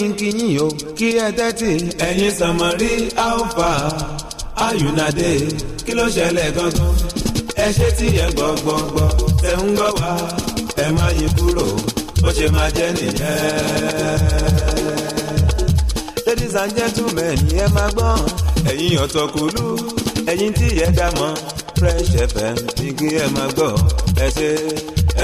ń kíyìn o kí ẹ tẹ́tì. ẹ̀yin sànmọ́rí alfa ayùnádé kí ló ṣẹlẹ̀ gangan ẹ ṣe tí ẹ gbọ́gbọ́gbọ́ ẹ ń gbọ́ wá ẹ má yí kúrò bó ṣe máa jẹ́ nìyẹn. ladies and gentlemen ẹ máa gbọ́n ẹ̀yin ọ̀tọ̀kùlú ẹ̀yin tí ẹ dá mọ́ Fresh FM ní kí ẹ máa gbọ́ ẹ ṣe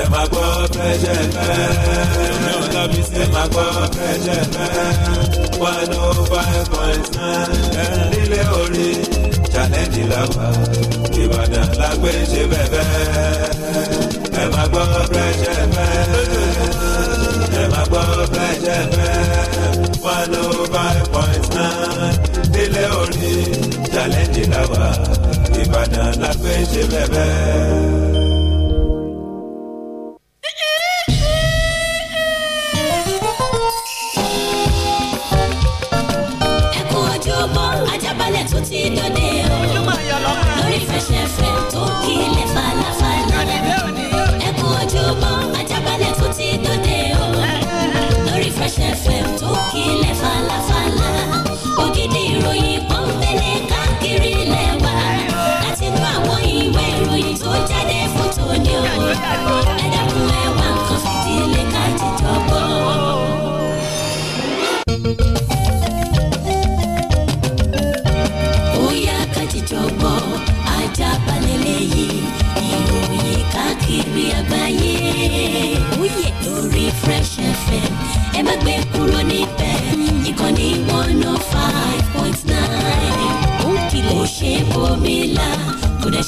ẹ máa gbọ́ Fresh FM ní ọ̀la sí ẹ máa gbọ́ Fresh FM one oh five point nine ẹ̀ nílé orí challenge làwà Ìbàdàn la gbé ṣe bẹ́ẹ̀ ẹ máa gbọ́ Fresh FM ẹ máa gbọ́ Fresh FM one oh five point nine nílé orí challenge làwà Ìbàdàn la gbé ṣe bẹ́ẹ̀.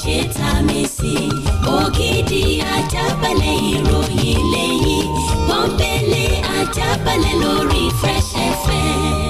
ṣe ta mi sí i ògidì ajábalẹ̀ ìròyìn lẹ́yìn pọ́npẹ́lẹ́ ajábalẹ̀ lórí Fresh FM.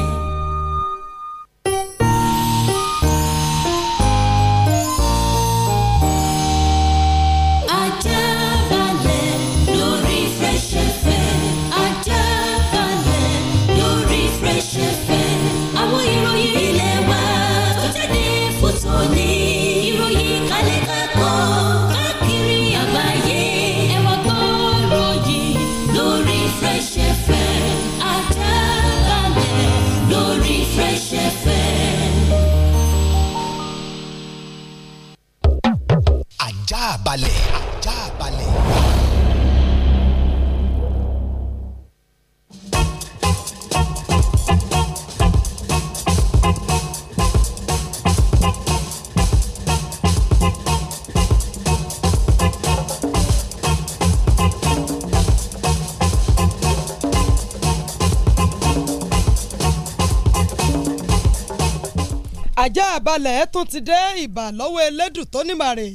ìfọ̀kànbalẹ̀ tún ti dé ìbà elédùn tó nímàrè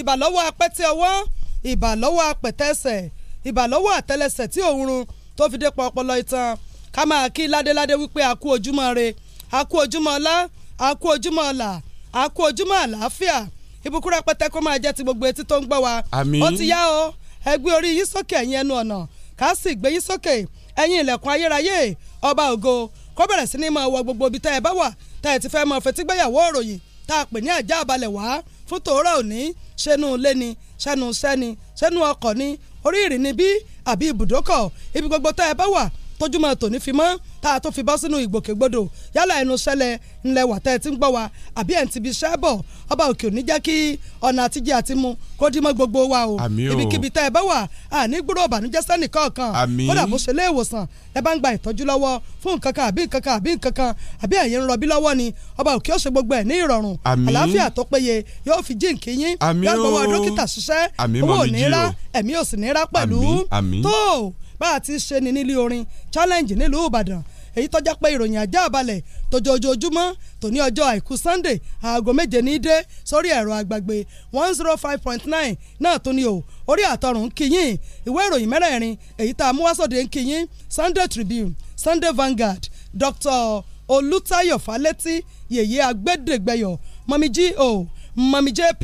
ìbà lọ́wọ́ apẹ́tẹ ọwọ́ ìbà apẹ̀tẹ́sẹ̀ ìbà àtẹlẹsẹ̀ tí òórùn tó fi dé pa ọpọlọ ìtàn ká máa kí ládéládé wípé a ojúmọ́ re a ojúmọ́ ọlá a ojúmọ́ ọlà a ojúmọ́ àlàáfíà ìbùkún rẹpẹtẹ kó máa jẹ́ ti gbogbo etí tó ń gbọ́ wa ó ti yá o ẹ orí yín sókè ẹ̀yin ẹnu ọ̀nà ká sì gbé yín sókè ẹ̀yin ilẹ̀kùn ayérayé ọba ògo kó bẹ̀rẹ̀ sí ní máa wọ gbogbo ibi tá ẹ bá wà tá ẹ ti fẹ́ mọ fetígbéyàwó òròyìn tá a pè ní àjà àbalẹ̀ wá fún tòórọ́ òní ṣẹnu ilé ni ṣẹnu iṣẹ́ ni ṣẹnu ọkọ̀ ni orí ìrìn ni bí àbí ibùdókọ̀ ibi gbogbo tá ẹ bá wà tójúmọ́ tòní fi mọ́ tá a tó fi bọ́ sínú ìgbòkègbodò yálà ẹnu sẹ́lẹ̀ ńlẹ̀ wàtẹ́ tí ń gbọ́ wa àbí ẹ̀ ń tibi iṣẹ́ bọ̀ ọba òkè òní jẹ́ kí ọ̀nà àtijẹ́ àti mu kó dí gbogbo wa o ibikíbi tẹ́ ẹ bá wà á ní gbúrò ìbànújẹ́ sẹ́nì kọ̀ọ̀kan kódà bó ṣe lé ìwòsàn ẹ bá ń gba ìtọ́jú lọ́wọ́ fún nǹkan àbí nǹkan àbí nǹkan àbí ẹ̀yin ń rọbí lọ́wọ́ ni ọba òkè ó gbogbo ẹ̀ ní ìrọ̀rùn àlàáfíà tó péye yóò fi jí nkíyín yóò gbọ́wọ́ dókítà ṣiṣẹ́ owó ò ní rá ẹ̀mí ò ní rá pẹ̀lú tó bá a ti ṣe ni nílé orin challenge nílùú Ìbàdàn èyí tọ́já pé ìròyìn ajá àbálẹ̀ tójoojúmọ́ tòní ọjọ́ àìkú Sunday aago méje ní dé sórí ẹ̀rọ àgbàgbé one zero five point nine náà tó ní o orí àtọrùn kìyìn ìwé ìròyìn mẹ́rẹ̀ẹ̀rin èyí tá a mú wásòde ń kìyìn Sunday Tribune Sunday Vanguard Dr. Olùtayọ̀ Fálétí yèyé agbẹ́dẹ́gbẹ́yọ̀ mọ̀mí G.O. mọ̀mí J.P.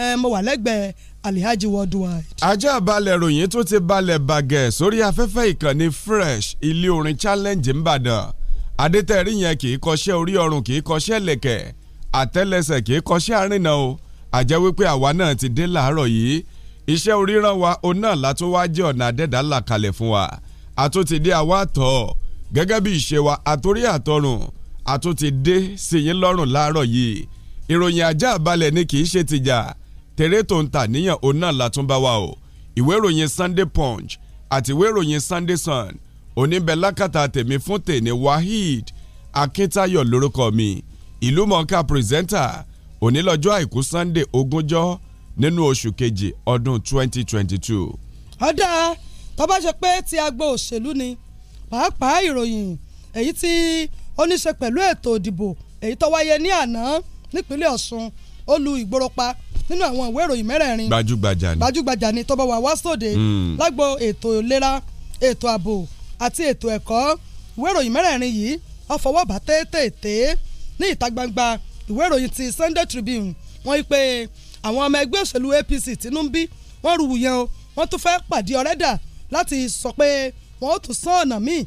Eh, mo wà lẹ́gbẹ̀ẹ́ alhaji worldwide. ajá balẹ̀ ròyìn tó ti balẹ̀ bàgẹ́ sórí afẹ́fẹ́ ìkànnì fresh ilé orin challenge ńbàdàn adétẹ̀rí yẹn kì í kọṣẹ́ orí ọrùn kì í kọṣẹ́ lẹ̀kẹ̀ àtẹ́lẹsẹ̀ kì í kọṣẹ́ àrìnà o àjẹ́ wípé àwa náà ti dé làárọ̀ yìí iṣẹ́ oríran wa òun náà látún wá jẹ́ ọ̀nà àdẹ́dá là kalẹ̀ fún wa àtúntì dé àwa tọ̀ gẹ́gẹ́ bí ìṣe wa àtórí àtọrùn àtúntì dé sí lọ́rùn láàárọ̀ yìí ìròyìn ajá balẹ̀ ni kì í ṣe tìjà tèrè tó ń tà níyàn òun náà látúnbá wa o ìwé ìròyìn Sunday Punch àti ìwé ìròyìn Sunday Sun oníbẹ̀ lákàtà tèmi fún tèmi Waheed Akíntayọ̀ lórúkọ mi ìlú mọ̀ọ́ká pírẹsẹ́ńtà onílọ́jọ́ àìkú Sunday ogúnjọ́ nínú oṣù kejì ọdún 2022. ọ̀dà tó bá ṣe pé ti agbo òṣèlú ni pàápàá ìròyìn èyí tí ó ní ṣe pẹ̀lú ètò ìdìbò èyí tó wáyé ní àná nípínlẹ̀ Ọ̀ṣun ó lu ìgboro pa nínú àwọn ìwé ìròyìn mẹ́rẹ̀ẹ̀rin gbajúgbajà ni gbajúgbajà ni tọ́ba wà wá sóde hmm. lágbo ètò ìlera ètò ààbò àti ètò ẹ̀kọ́ ìwé ìròyìn mẹ́rẹ̀ẹ̀rin yìí ọfọwọ́bà tẹ́tẹ̀ẹ̀tẹ́ ní ìta gbangba ìwé ìròyìn ti Sunday Tribune wọ́n wí pé àwọn ọmọ ẹgbẹ́ òṣèlú APC tínú ń bí wọ́n rú wùyẹn o wọ́n tún fẹ́ pàdé ọ̀rẹ́dà láti sọ pé wọ́n ó tún sán ọ̀nà míì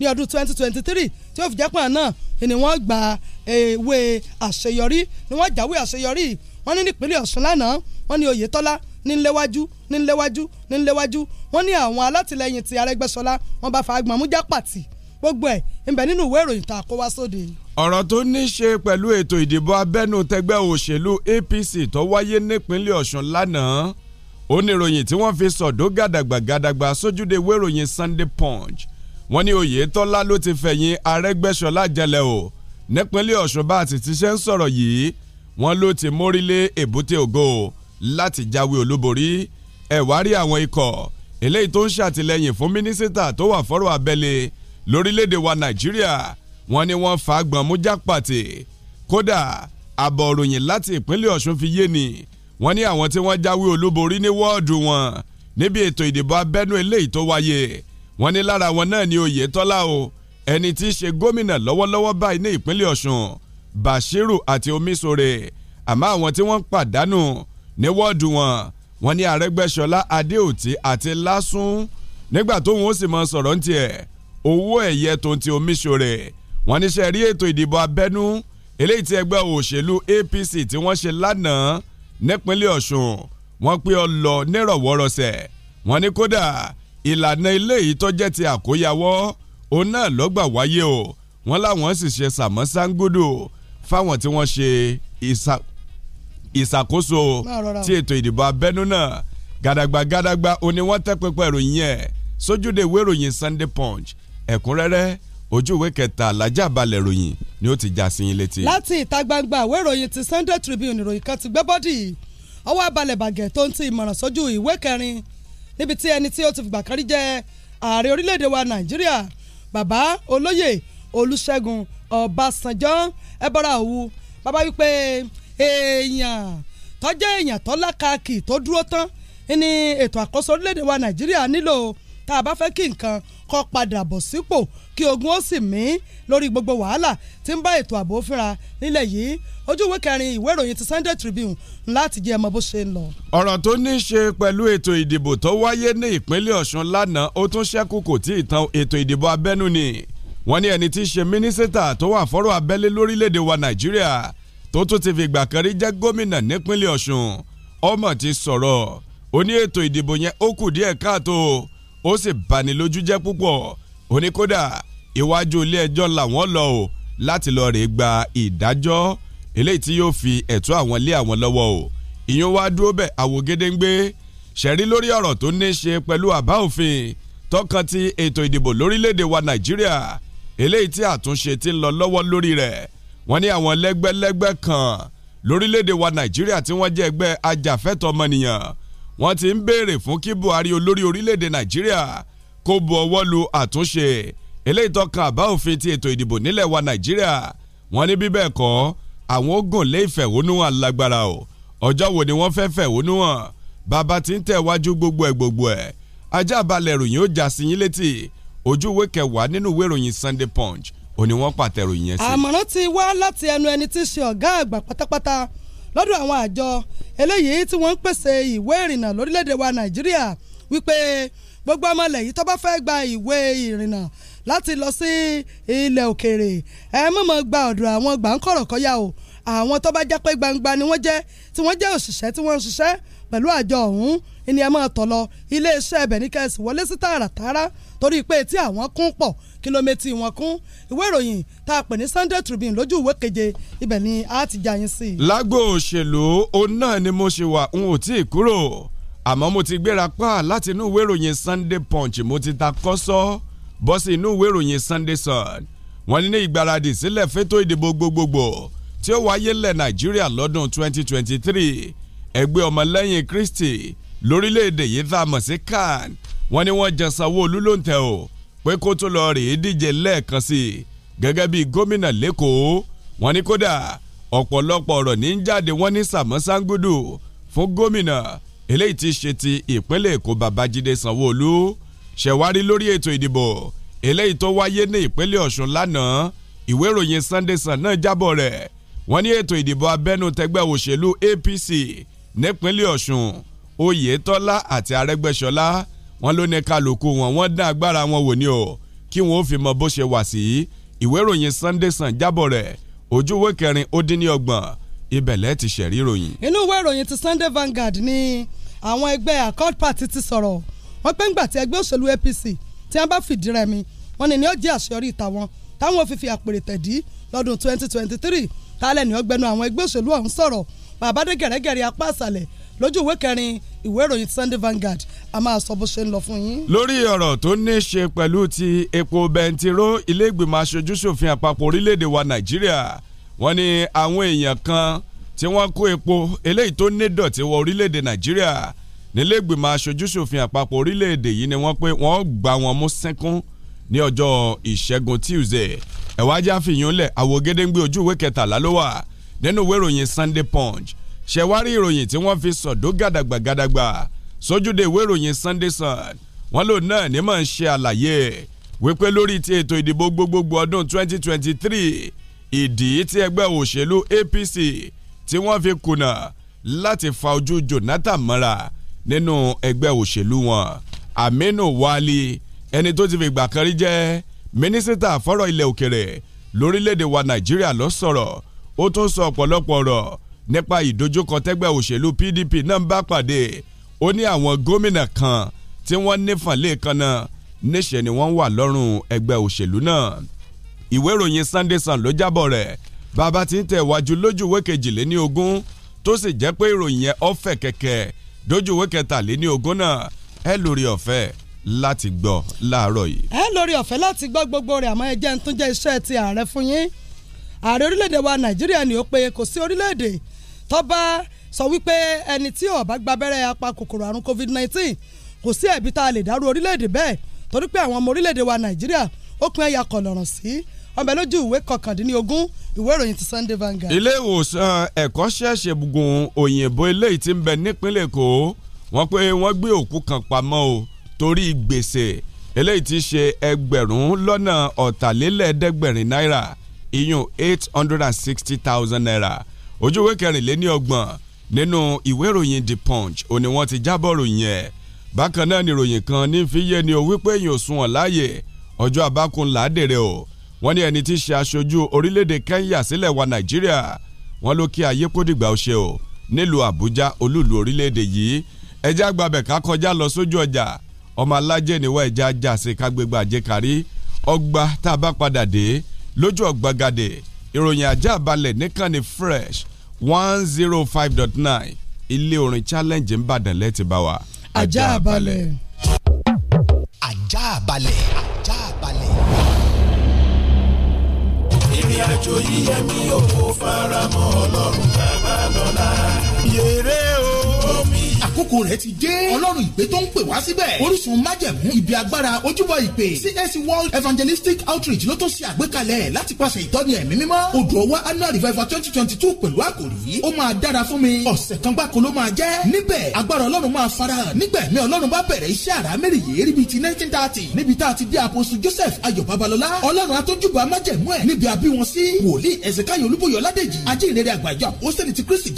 ní ọdún 2023 tí ó fi jẹ́ pọ̀ náà ni wọ́n gba ewé àṣeyọrí ni wọ́n jáwé àṣeyọrí wọ́n ní nípínlẹ̀ Ọ̀ṣun lánàá wọ́n ní Oyètọ́lá ní nléwájú ní nléwájú ní nléwájú wọ́n ní àwọn alátìlẹyìn ti Arẹ́gbẹ́ṣọlá wọ́n bá fa agbọ̀nmújá pàtì gbogbo ẹ̀ ń bẹ nínú ìwé ìròyìn tá a kó wá sóde. ọ̀rọ̀ tó ní í ṣe pẹ̀lú ètò ìdìbò abẹ́nú tẹgbẹ́ òṣèlú APC tó wáyé nípínlẹ̀ Ọ̀ṣun lánàá oníròyìn tí wọ́n fi sọ̀dọ̀ gàdàgbà gàdàgbà sójúde ìwé Sunday Punch wọ́n ní Oyètọ́lá ló ti fẹ̀yìn Arẹ́gbẹ́ṣọlá jẹlẹ̀ o nípínlẹ̀ Ọ̀ṣun bá àti tíṣẹ́ ń sọ̀rọ̀ yìí wọ́n ló ti mórílé èbúté ògo láti jáwé olúborí ẹ̀wárí àwọn ikọ̀ eléyìí tó ń ṣàtìlẹ́yìn fún mínísítà tó wà fọ́rọ̀ abẹ́lé lórílẹ̀ wa Nàìjíríà wọ́n ní wọ́n fa gbọ̀nmú jápàtì kódà àbọ̀ òròyìn láti ìpínlẹ̀ Ọ̀ṣun fi yé ni wọ́n ní àwọn tí wọ́n jáwé olúborí ní wọ́ọ̀dù wọn níbi ètò ìdìbò abẹ́nú eléyìí tó wáyé wọ́n ní lára wọn náà ni Oyètọ́lá o ẹni tí í ṣe gómìnà lọ́wọ́lọ́wọ́ báyìí ní ìpínlẹ̀ Ọ̀ṣun Bashiru àti Omisore àmọ́ àwọn tí wọ́n ń pàdánù ní wọ́ọ̀dù wọn wọ́n ní Arẹ́gbẹ́ṣọlá Adéòtí àti Lásùn nígbà tóun ó sì mọ sọ̀rọ̀ ń tiẹ̀ owó ẹ̀yẹ tó ń ti Omisore wọ́n ní ṣe rí ètò ìdìbò abẹ́nú eléyìí tí ẹgbẹ́ òṣèlú APC tí wọ́n ṣe lánàá nípínlẹ̀ Ọ̀ṣun wọ́n pé ọ lọ nírọ̀wọ́rọ̀sẹ̀ wọ́n ní kódà ìlànà ilé yìí tó jẹ́ ti àkóyawọ́ òun náà lọ́gbà wáyé o wọ́n láwọn sì ṣe sàmọ́sángódò fáwọn tí wọ́n ṣe ìṣàkóso ti ètò ìdìbò abẹ́nú náà gàdàgbà gàdàgbà ó ní wọ́n tẹ́ pẹpẹ ìròyìn yẹn sójúde ìwé ìròyìn Sunday Punch ẹ̀kúnrẹ́rẹ́ ojú ìwé kẹta alájàbalẹ̀ ìròyìn ni ó ti já sí yín létí. láti ìta gbangba ìwé ìròyìn ti Sunday Tribune ìròyìn kan ti gbé bọ́dì ọwọ́ abalẹ̀ bàgẹ́ tó ń ti ìmọ̀ràn sójú ìwé kẹrin níbi tí ẹni tí ó ti fìgbà kan rí jẹ́ ààrẹ orílẹ̀-èdè wa nàìjíríà bàbá olóyè olúṣẹ́gun ọbásanjọ́ ẹ bọ́ra òwú bàbá wípé èèyàn tó jẹ́ èèyàn tó lákàkì tó dúró tán ní ètò àkóso orílẹ̀-èdè wa nàìjíríà nílò tá a bá fẹ́ kí nǹkan kó padà bọ̀ sípò kí ogun ó sì mí lórí gbogbo wàhálà tí ń bá ètò ààbò fínra nílẹ̀ yìí ojú ìwé kẹrin ìwé ìròyìn ti Sunday Tribune láti jẹ́ ọmọ bó ṣe ń lọ. ọ̀rọ̀ tó ní í ṣe pẹ̀lú ètò ìdìbò tó wáyé ní ìpínlẹ̀ Ọ̀ṣun lánàá ó tún ṣẹ́kù kò tí ì tán ètò ìdìbò abẹ́nú ni wọ́n ní ẹni tí í ṣe mínísítà tó wà fọ́rọ̀ abẹ́lé lórílẹ̀‐èdè wa Nàìjíríà tó tún ti fìgbà kan jẹ́ gómìnà nípínlẹ̀ Ọ̀ṣun ọmọ ti sọ̀rọ̀ ó ní ètò ìdìbò yẹn ó kù díẹ̀ káàtó ó sì bani lójú jẹ́ púpọ̀ ó ní kódà iwájú ilé ẹjọ́ làwọn lọ o láti lọ rè gba ìdájọ́ eléyìí tí yóò fi ẹ̀tọ́ àwọn lé àwọn lọ́wọ́ o ìyẹn wá dúró bẹ̀ àwògedengbe ṣẹ̀rí lórí ọ̀rọ̀ tó ní ṣe pẹ̀lú àbá òfin tọkàn ti ètò ìdìbò lórílẹ̀‐èdè wa nàìjíríà eléyìí tí àtúnṣe ti ń lọ lọ́wọ́ lórí rẹ̀ wọ́n ní àwọn lẹ́gbẹ́lẹ́gbẹ́ kan lórílẹ̀‐èdè wa nàìjíríà tí wọ́n jẹ́ ẹgbẹ́ ajàfẹ́tọ̀ọ́ ọmọnìyàn wọ́n ti ń béèrè fún kí Buhari olórí orílẹ̀-èdè Nàìjíríà kó bu ọwọ́ lu àtúnṣe eléyìí tó kan àbá òfin ti ètò ìdìbò nílẹ̀ wa Nàìjíríà wọ́n ní bíbẹ̀ kọ́ àwọn ogun lé ìfẹ̀hónú hàn lágbára o ọjọ́ wo ni wọ́n fẹ́ fẹ̀hónú hàn bàbá ti ń tẹ̀wájú gbogbo ẹ̀ gbogbo ẹ̀ ajá balẹ̀ ìròyìn ó já sí yín létí ojú ìwé kẹwàá nínú ìwé ìròyìn Sunday Punch òní wọ́n pàtẹ́ròyìn yẹn sí. àmọ̀ràn ti wá láti ẹnu ẹni tí í ṣe ọ̀gá àgbà pátápátá lọ́dọ̀ àwọn àjọ eléyìí tí wọ́n ń pèsè ìwé ìrìnnà lórílẹ̀‐èdè wa nàìjíríà wípé gbogbo ọmọlẹ̀ yìí tó bá fẹ́ gba ìwé ìrìnnà láti lọ sí ilẹ̀ òkèèrè ẹ mọ̀mọ́ gba ọ̀dọ̀ àwọn gbàǹkọ̀rọ̀ kọ́yà o àwọn tó bá jẹ́ pé gbangba ni wọ́n jẹ́ tí wọ́n jẹ́ òṣìṣẹ́ tí wọ́n ń ṣiṣẹ́ pẹ̀lú àjọ ọ̀hún ni ẹ máa tọ̀ lọ iléeṣẹ́ ẹbẹ̀ ní kẹ́sì wọlé sí tààràtààrà torí pé tí àwọn kún pọ̀ kìlómẹ́tì wọn kún ìwé ìròyìn tá a pè ní Sunday Tribune lójú ìwé keje ibẹ̀ ni a ti já yín sí. lágbo òṣèlú òun náà ni mo ṣe wà n ò tí ì kúrò àmọ́ mo ti gbéra pa láti inú ìwé ìròyìn Sunday Punch mo ti ta kọ́sọ́ bọ́ sí inú ìwé ìròyìn Sunday Sun wọ́n ní ní sílẹ̀ fétò ìdìbò gbogbogbò tí ó wáyé lẹ̀ Nàìjíríà lọ́dún 2023 ẹgbẹ́ ọmọlẹ́yìn Kristi lórílẹ̀‐èdè yìí tá a mọ̀ sí CAN wọ́n ní wọ́n jẹ Sanwó-Olú lóǹtẹ̀ o pé kó tó lọ rèé díje lẹ́ẹ̀kan sí i gẹ́gẹ́ bí gómìnà lẹ́kọ̀ọ́ wọ́n ní kódà ọ̀pọ̀lọpọ̀ ọ̀rọ̀ ní ń jáde wọ́n ní Sàmọ́ Sangudu fún gómìnà eléyìí ti ṣe ti ìpínlẹ̀ Èkó Babájídé Sanwó-Olú ṣẹ̀wárí lórí ètò ìdìbò eléyìí tó wáyé ní ìpínlẹ̀ Ọ̀ṣun lánàá ìwé ìròyìn Sunday Sun náà jábọ̀ rẹ̀ wọ́n ní ètò ìdìbò abẹ́nú òṣèlú APC nípínlẹ̀ Ọ̀ṣun Oyètọ́lá àti Arẹ́gbẹ́ṣọlá wọn ló ní kálukú wọn wọ́n dá agbára wọn wò ní o kí wọn ó fi mọ bó ṣe wà sí ìwé ìròyìn Sunday Sun jábọ̀ rẹ̀ ojúwé kẹrin ó dín ní ọgbọ̀n ibẹ̀lẹ̀ ti ṣẹ̀rí ròyìn. inú ìwé ìròyìn ti Sunday Vanguard ni àwọn ẹgbẹ́ Accord Party ti sọ̀rọ̀ wọ́n pẹ́ ńgbà tí ẹgbẹ́ òṣèlú APC tí wọ́n bá fìdí rẹmi wọ́n ní ní ó jẹ́ àṣeyọrí tàwọn táwọn ò fi fi àpèrè tẹ̀dí lọ́dún 2023 tálẹ̀ ní ọgbẹ́nu àwọn ẹgbẹ́ òṣèlú ọ̀hún sọ̀rọ̀ bàbá dé gẹ̀rẹ́gẹ̀rẹ́ apá àṣàlẹ̀ lójú ìwé kẹrin ìwé ìròyìn Sunday Vanguard a máa sọ bó ṣe ń lọ fún yín. lórí ọ̀rọ̀ tó ní ṣe pẹ̀lú ti epo bẹntiró ilé ìgbìmọ̀ àpapọ̀ orílẹ̀-èdè wa Nàìjíríà wọ́n ní àwọn èèyàn kan tí wọ́n kó epo eléyìí tó ní dọ̀tí wọ orílẹ̀-èdè Nàìjíríà nílé ìgbìmọ̀ aṣojúṣòfin àpapọ̀ orílẹ̀-èdè yìí ni wọ́n pé wọ́n gbà wọ́n mú sẹ́kún ní ọjọ́ ìṣẹ́gun Tuesday ẹ̀wájú àfihàn lẹ̀ àwògedengbe ojú ìwé kẹtàlá ló wà nínú ìwé ìròyìn Sunday Punch ṣẹ̀wárí ìròyìn tí wọ́n fi sọ̀dọ́ gàdàgbà gàdàgbà sójúde ìwé ìròyìn Sunday Sun wọ́n lò náà ní mọ̀ ń ṣe àlàyé wípé lórí ti ètò ìdìbò gbogbogbò ọdún 2023 ìdí tí ẹgbẹ́ òṣèlú APC tí wọ́n fi kùnà láti fa ojú Jonathan mọ́ra nínú ẹgbẹ́ òṣèlú wọn Aminu Wali ẹni tó ti fi gbà kan rí jẹ́ mínísítà fọ́rọ̀ ilẹ̀ òkèrè lórílẹ̀‐èdè wa Nàìjíríà ló sọ̀rọ̀ ó tún sọ ọ̀pọ̀lọpọ̀ ọ̀rọ̀ nípa ìdojúkọ tẹ́gbẹ́ òṣèlú PDP náà ń bá pàdé ó ní àwọn gómìnà kan tí wọ́n nífàlẹ́ kan náà níṣẹ́ ni wọ́n wà lọ́rùn ẹgbẹ́ òṣèlú náà ìwé ìròyìn Sunday Sun ló jábọ̀ rẹ̀ bàbá tí ń tẹ̀ wájú lójú ìwé kejìléní ogún tó sì jẹ́ pé ìròyìn yẹn ọ̀fẹ́ kẹ̀kẹ́ dojú ìwé kẹtàléní ogún náà ẹ lórí ọ̀fẹ́ láti gbọ́ láàárọ̀ yìí. ẹ lórí ọ̀fẹ́ láti gbọ́ gbogbo rẹ̀ àmọ́ ẹ jẹ́ ń tún jẹ́ iṣẹ́ ti ààrẹ fún yín ààrẹ orílẹ̀-èdè wa Nàìjíríà ni ó pe kò sí orílẹ̀-èdè tó bá sọ wípé ẹni tí ó bá gba abẹ́rẹ́ apakòkòrò àrùn covid-19 kò sí ẹ̀bi tá a lè dárú orílẹ̀-èdè bẹ́ẹ̀ torí pé àwọn ọmọ orílẹ̀-èdè wa nàìjíríà ó pin ẹ̀yà kọ̀lọ̀rọ̀ sí ọmọ ẹ lójú ìwé kọkàndínlógún ìwé ìròyìn ti Sunday Vanguard. ilé ìwòsàn ẹ̀kọ́ ṣẹ̀ṣẹ̀ bugun òyìnbó eléyìí ti ń bẹ nípínlẹ̀ èkó wọ́n pé wọ́n gbé òkú kan pamọ́ o torí gbèsè eléyìí ti ṣe ẹgbẹ̀rún lọ́nà ọ̀tàlélẹ́ẹ̀ẹ́dẹ́gbẹ̀rin náírà iyún eight hundred and sixty thousand naira ojú ìwé kẹrìnléní ọgbọ̀n nínú ìwé ìròyìn the punch ó ní wọ́n ti jábọ̀ ròyìn ẹ̀ bákan náà ni ròyìn kan ní fi yé ni o wípé èyàn ò sunwọ̀n láàyè ọjọ́ abákun làádèrè o wọ́n ní ẹni tí í ṣe aṣojú orílẹ̀-èdè Kenya sílẹ̀ wa Nàìjíríà wọ́n ló kí ayé kó dìgbà ó ṣe o nílùú Àbújá olúùlú orílẹ̀-èdè yìí ẹja gbàbẹ̀ ká kọjá lọ sójú ọjà ọmọ alájẹ níwọ̀ ẹja jàsí kágbégbà àjẹkárí ọgbà tá a bá padà dé lójú ọ̀gbagadè ìròyìn ajá balẹ̀ níkànnì fresh one zero oh five dot nine ilé orin challenge ńbàdàn lẹ́tì bá wa. ajá balẹ̀. ajá balẹ̀. ajá balẹ̀. ìrìn àjò yíyẹ mi ò fara mọ́ ọlọ́run bàbá lọ́la. yèrè o. omi àkókò rẹ̀ ti dé ọlọ́run ìpè tó ń pè wá síbẹ̀ orísun májẹ̀mú ibi agbára ojúbọ ìpè CAC e World Evangelistic Outreach ló tó ṣe àgbékalẹ̀ láti pàṣẹ ìtọ́ni ẹ̀mí mímọ́ odò ọwá annual revival twenty twenty two pẹ̀lú àkòrí ó máa dára fún mi ọ̀sẹ̀ kan gbáko ló máa jẹ́ níbẹ̀ agbára ọlọ́run máa farahàn nígbẹ̀mí ọlọ́run bá bẹ̀rẹ̀ iṣẹ́ àrá mẹ́rin nineteen thirty níbi tá Joseph Ayọ̀ Babalọ́lá ọlọ́run atójúbọ amájẹ̀mú ẹ̀ níbi àbí wọn sí wòlíì Ẹ̀sìnkáyọ̀ Olúbóyọ̀ Ládèjì ajínrere àgbàjọ àpòsílẹ̀ ti Kristi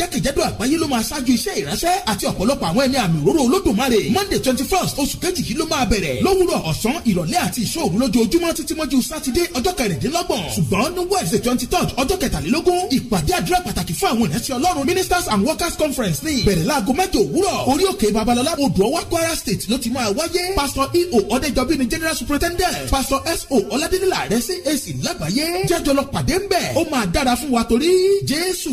àpapọ̀ àwọn ẹni àmì òróró olódùmarè monday twenty first oṣù kejì yìí ló máa bẹ̀rẹ̀ lówùrọ̀ ọ̀sán ìrọ̀lẹ́ àti ìṣòro lójoojúmọ́ títí mọ́jú sátidé ọjọ́ kẹrìndínlọ́gbọ̀n ṣùgbọ́n ní wednesday twenty third ọjọ́ kẹtàlélógún ìpàdé àdúrà pàtàkì fún àwọn ìrẹsì ọlọ́run ministers and workers conference ní bẹ̀rẹ̀ láago mẹ́jọ òwúrọ̀ orí òkè babalọlá odòọwá kwara state ló ti máa wáyé pastor eo ọ̀dẹ́jọbí ni general superintendent pastor so ọládélélà rẹ cac lágbàáyé jẹ́jọ́ lọ pàdé ńbẹ̀ ó máa dára fún wa torí jésù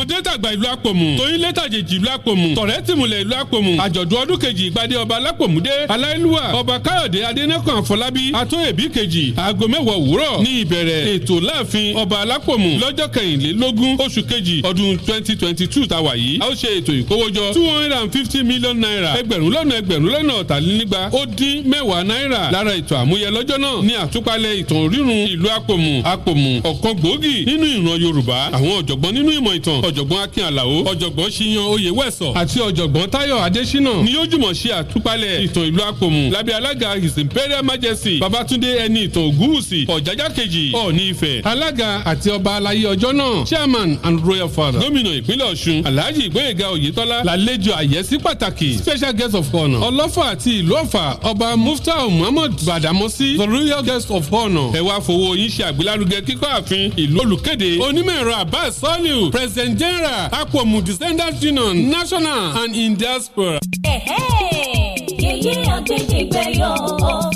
tọmọdé tàgbà ìlú àpòmù tóyin létàjèjì ìlú àpòmù tọ̀rẹ́ tìmùlẹ̀ ìlú àpòmù àjọ̀dún ọdún kejì ìgbàdé ọba alápòmùdé aláìlúwà ọba káyọ̀dé adẹ́nẹ́kàn àfọlábí atóyèbí kejì aago mẹ́wàá òwúrọ̀ ní ìbẹ̀rẹ̀ ètò láàfin ọba alápòmù lọ́jọ́ kẹrìnlélógún oṣù kejì ọdún twenty twenty two tàwa yìí a ó ṣe ètò ìkówójọ two hundred and fifty million naira ẹgbẹ̀rún lọ́nà ẹgbẹ̀rún lọ́nà ọ̀tàlénígba ó dín mẹ́wàá náírà lára ètò àmúyẹ lọ́jọ́ náà ní àtúpalẹ̀ ìtàn rírun ìlú àpòmù àpòmù ọ̀kan gbòógì nínú ìran yorùbá àwọn ọ̀jọ̀gbọ́n nínú ìmọ̀ ọ̀jọ̀gbọ́n akin alao ọ̀jọ̀gbọ́n ṣíyan oyèwẹ̀sọ̀ àti ọ̀jọ̀gbọ́n táyọ̀ adésínà ni yóò jùmọ̀ ṣe àtúpalẹ̀ ìtàn ìlú àpòmù lábẹ́ alága his imperial majesty babatunde ẹni ìtàn ògúwùsì ọ̀jájá kejì ọ̀ọ́ni ifẹ̀ alága àti ọba alayé ọjọ́ náà chairman and royal father gómìnà ìpínlẹ̀ ọ̀ṣun alhaji ìgbóyèga oyetola lálejò àyẹ́sí pàtàkì special guest of honour ọlọ́fà àti ìlú ọ̀fà ọba muftau muhammad badamosi the royal guest of honour ẹ fowó yín ṣe àgbélárugẹ kíkọ́ ààfin ìlú olùkéde onímọ̀ ẹ̀rọ abbas soliu president Nigeria akpomu Standard, union national and in diaspora. yeye agbẹ́dẹ́gbẹ́yọ̀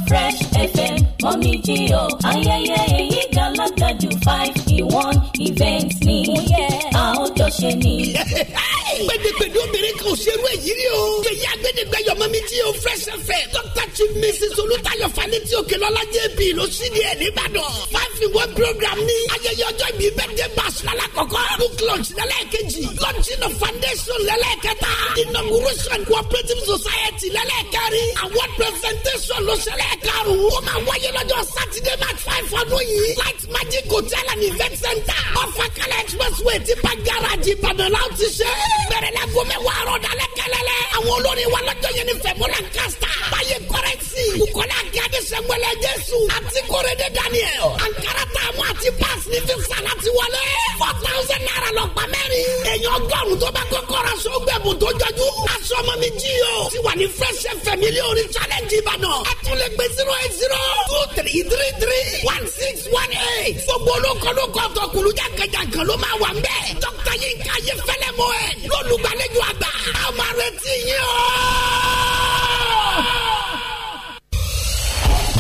fresh fm mọ́mí jí o ayẹyẹ èyí gàlágàjù five in one event ni oh, àwọn jọ ṣe ni. gbẹdẹgbẹdẹ obìnrin kan ò ṣerú èyí rí o. kẹyà gbẹdẹgbẹyọ mọmi tí o fresh fẹ dr chief mrs olùtayọ fanitì òkèlọlá jb ló sì ní ẹ nìbàdàn. five in one program ní ayẹyẹ ọjọ́ ìbí birthday bash lálàkọ́kọ́ book launch lẹ́lẹ́kejì launching the foundation lẹ́lẹ́kẹta inauguration cooperative society lẹ́lẹ́kẹrin award presentation ló ṣẹlẹ̀ karùn-ún. ó máa wáyé lọ́jọ́ Saturday march five ọdún yìí light magic hotel and event market center. ọ̀fà kẹlẹ̀ expressway ti bá garaji ìbàdàn láti ṣe. bẹ̀rẹ̀ lẹ́gùn mẹ́wàá rọ̀dálẹ́ kẹlẹlẹ. àwọn olórí wa lọ́jọ́ yẹn ni fẹ̀mú lancaster. báyìí kọ́rẹ́sì. bukola gadi sẹ́ngbẹ́lẹ́ jésù. àti kórede daniel. ankara taamu àti paasi ní fífà láti wọlé. four thousand naira lọ pa mẹ́rin. èèyàn ọgọ́rùn-ún tó bá kọ́kọ́rọ́ aṣọ gbẹ̀bùn tó jọjú. aṣọ ọmọ mi jí o. ti wà ní fresh fm mílíọ̀nù challenge ìbàdàn. a tún lè gbé zero eight zero two three three three one six one eight. gbogbo olókòlókò tó kulujà kẹjà kan ló máa wà ń bẹ́ẹ̀. dókítà yín ká yẹ fẹ́lẹ́ mọ́ ẹ. lọ́lùgbàlejò àgbà. a máa retí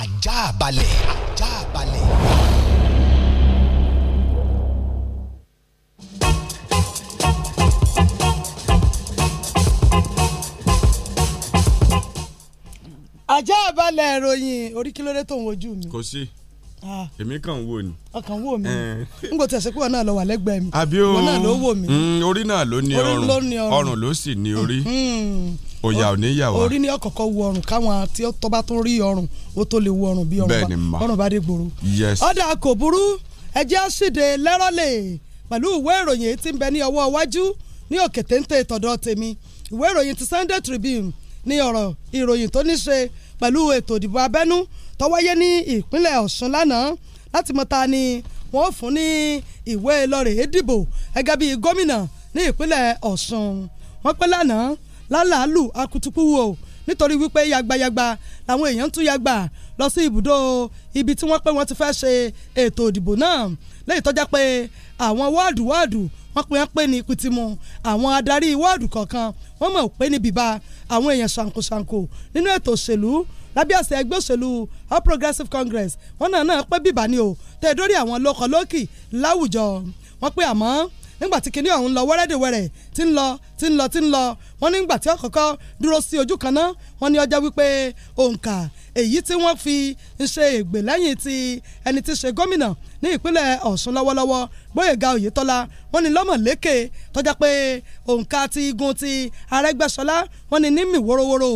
ajá balẹ̀. ajá balẹ̀. ajá balẹ̀ ìròyìn orí kí ló dé tó ń wojú mi. kò sí ah. èmi kàn ń wò ni. ọkàn wò mí eh. n kò tẹ̀sí pé wọn náà lọ wà lẹ́gbẹ̀ẹ́ mi wọn náà ló wò mí. Mm, orí náà ló ní ọrùn ọrùn ló sì ní orí. Mm òyà ò ní yà wá orí ni ọkọ̀ọ̀kọ̀ wo ọrùn káwọn tí ó tọ́ba tó rí ọrùn ó tó lè wo ọrùn bí ọrùn bá ọrùn bá dé gbòòrò. ọ̀dà kò burú ẹjẹ́ ṣìdè lẹ́rọ̀lẹ̀ pẹ̀lú ìwé ìròyìn tí ń bẹ ní ọwọ́ iwájú ní òkè téńté tọ̀dọ̀ tèmi ìwé ìròyìn ti Sunday Tribune ní ọ̀rọ̀ ìròyìn tó ní ṣe pẹ̀lú ètò ìdìbò abẹ́nú tó ní ìpínlẹ̀ Ọ̀ṣun lánàá láti mọ̀ ni wọ́n fún ní ìwé lọ́rẹ̀ẹ́ dìbò gẹ́gẹ́ bíi gómìnà ní ìpínlẹ̀ Ọ̀ṣun wọ́n pẹ́ lánàá lálàálù akutupu wo nítorí wípé yagbayagba làwọn èèyàn tún yagba lọ sí ibùdó ibi tí wọ́n pé wọ́n ti fẹ́ ṣe ètò ìdìbò náà lẹ́yìn tó jẹ́ pé àwọn wọ́ọ̀dù wọ́ọ̀dù wọ́n pe wọ́n pè ní ìpìtìmọ̀ àwọn adarí wọ́ọ̀dù kọ̀ọ̀kan wọ́n mọ̀ pé ní bíbá àwọn èèyàn ṣàǹkóṣàǹkó nínú ètò òṣèlú lábẹ́ àṣẹ ẹgbẹ́ òṣèlú All Progressives Congress wọ́n náà náà pé bíbá ni o tẹ̀ dórí àwọn lókọ̀lókì láwùjọ wọ́n pé àmọ́ nígbà tí kinní ọ̀hún lọ wẹ́rẹ́dẹ̀wẹ́rẹ́ tí ń lọ tí ń lọ tí ń lọ wọ́n nígbà tí ọ̀kọ̀ọ̀kọ́ dúró sí ojú kan náà wọ́n ní ọjọ́ wípé òǹkà èyí tí wọ́n fi ń ṣe ègbè lẹ́yìn ti ẹni tí ṣe gómìnà ní ìpínlẹ̀ Ọ̀ṣun lọ́wọ́lọ́wọ́ Gbóyèga Oyètọ́lá wọ́n ní lọ́mọ̀lékè tọ́já pé òǹkà ti igun ti Arẹ́gbẹ́ṣọlá wọ́n ní ní mìwòrowòro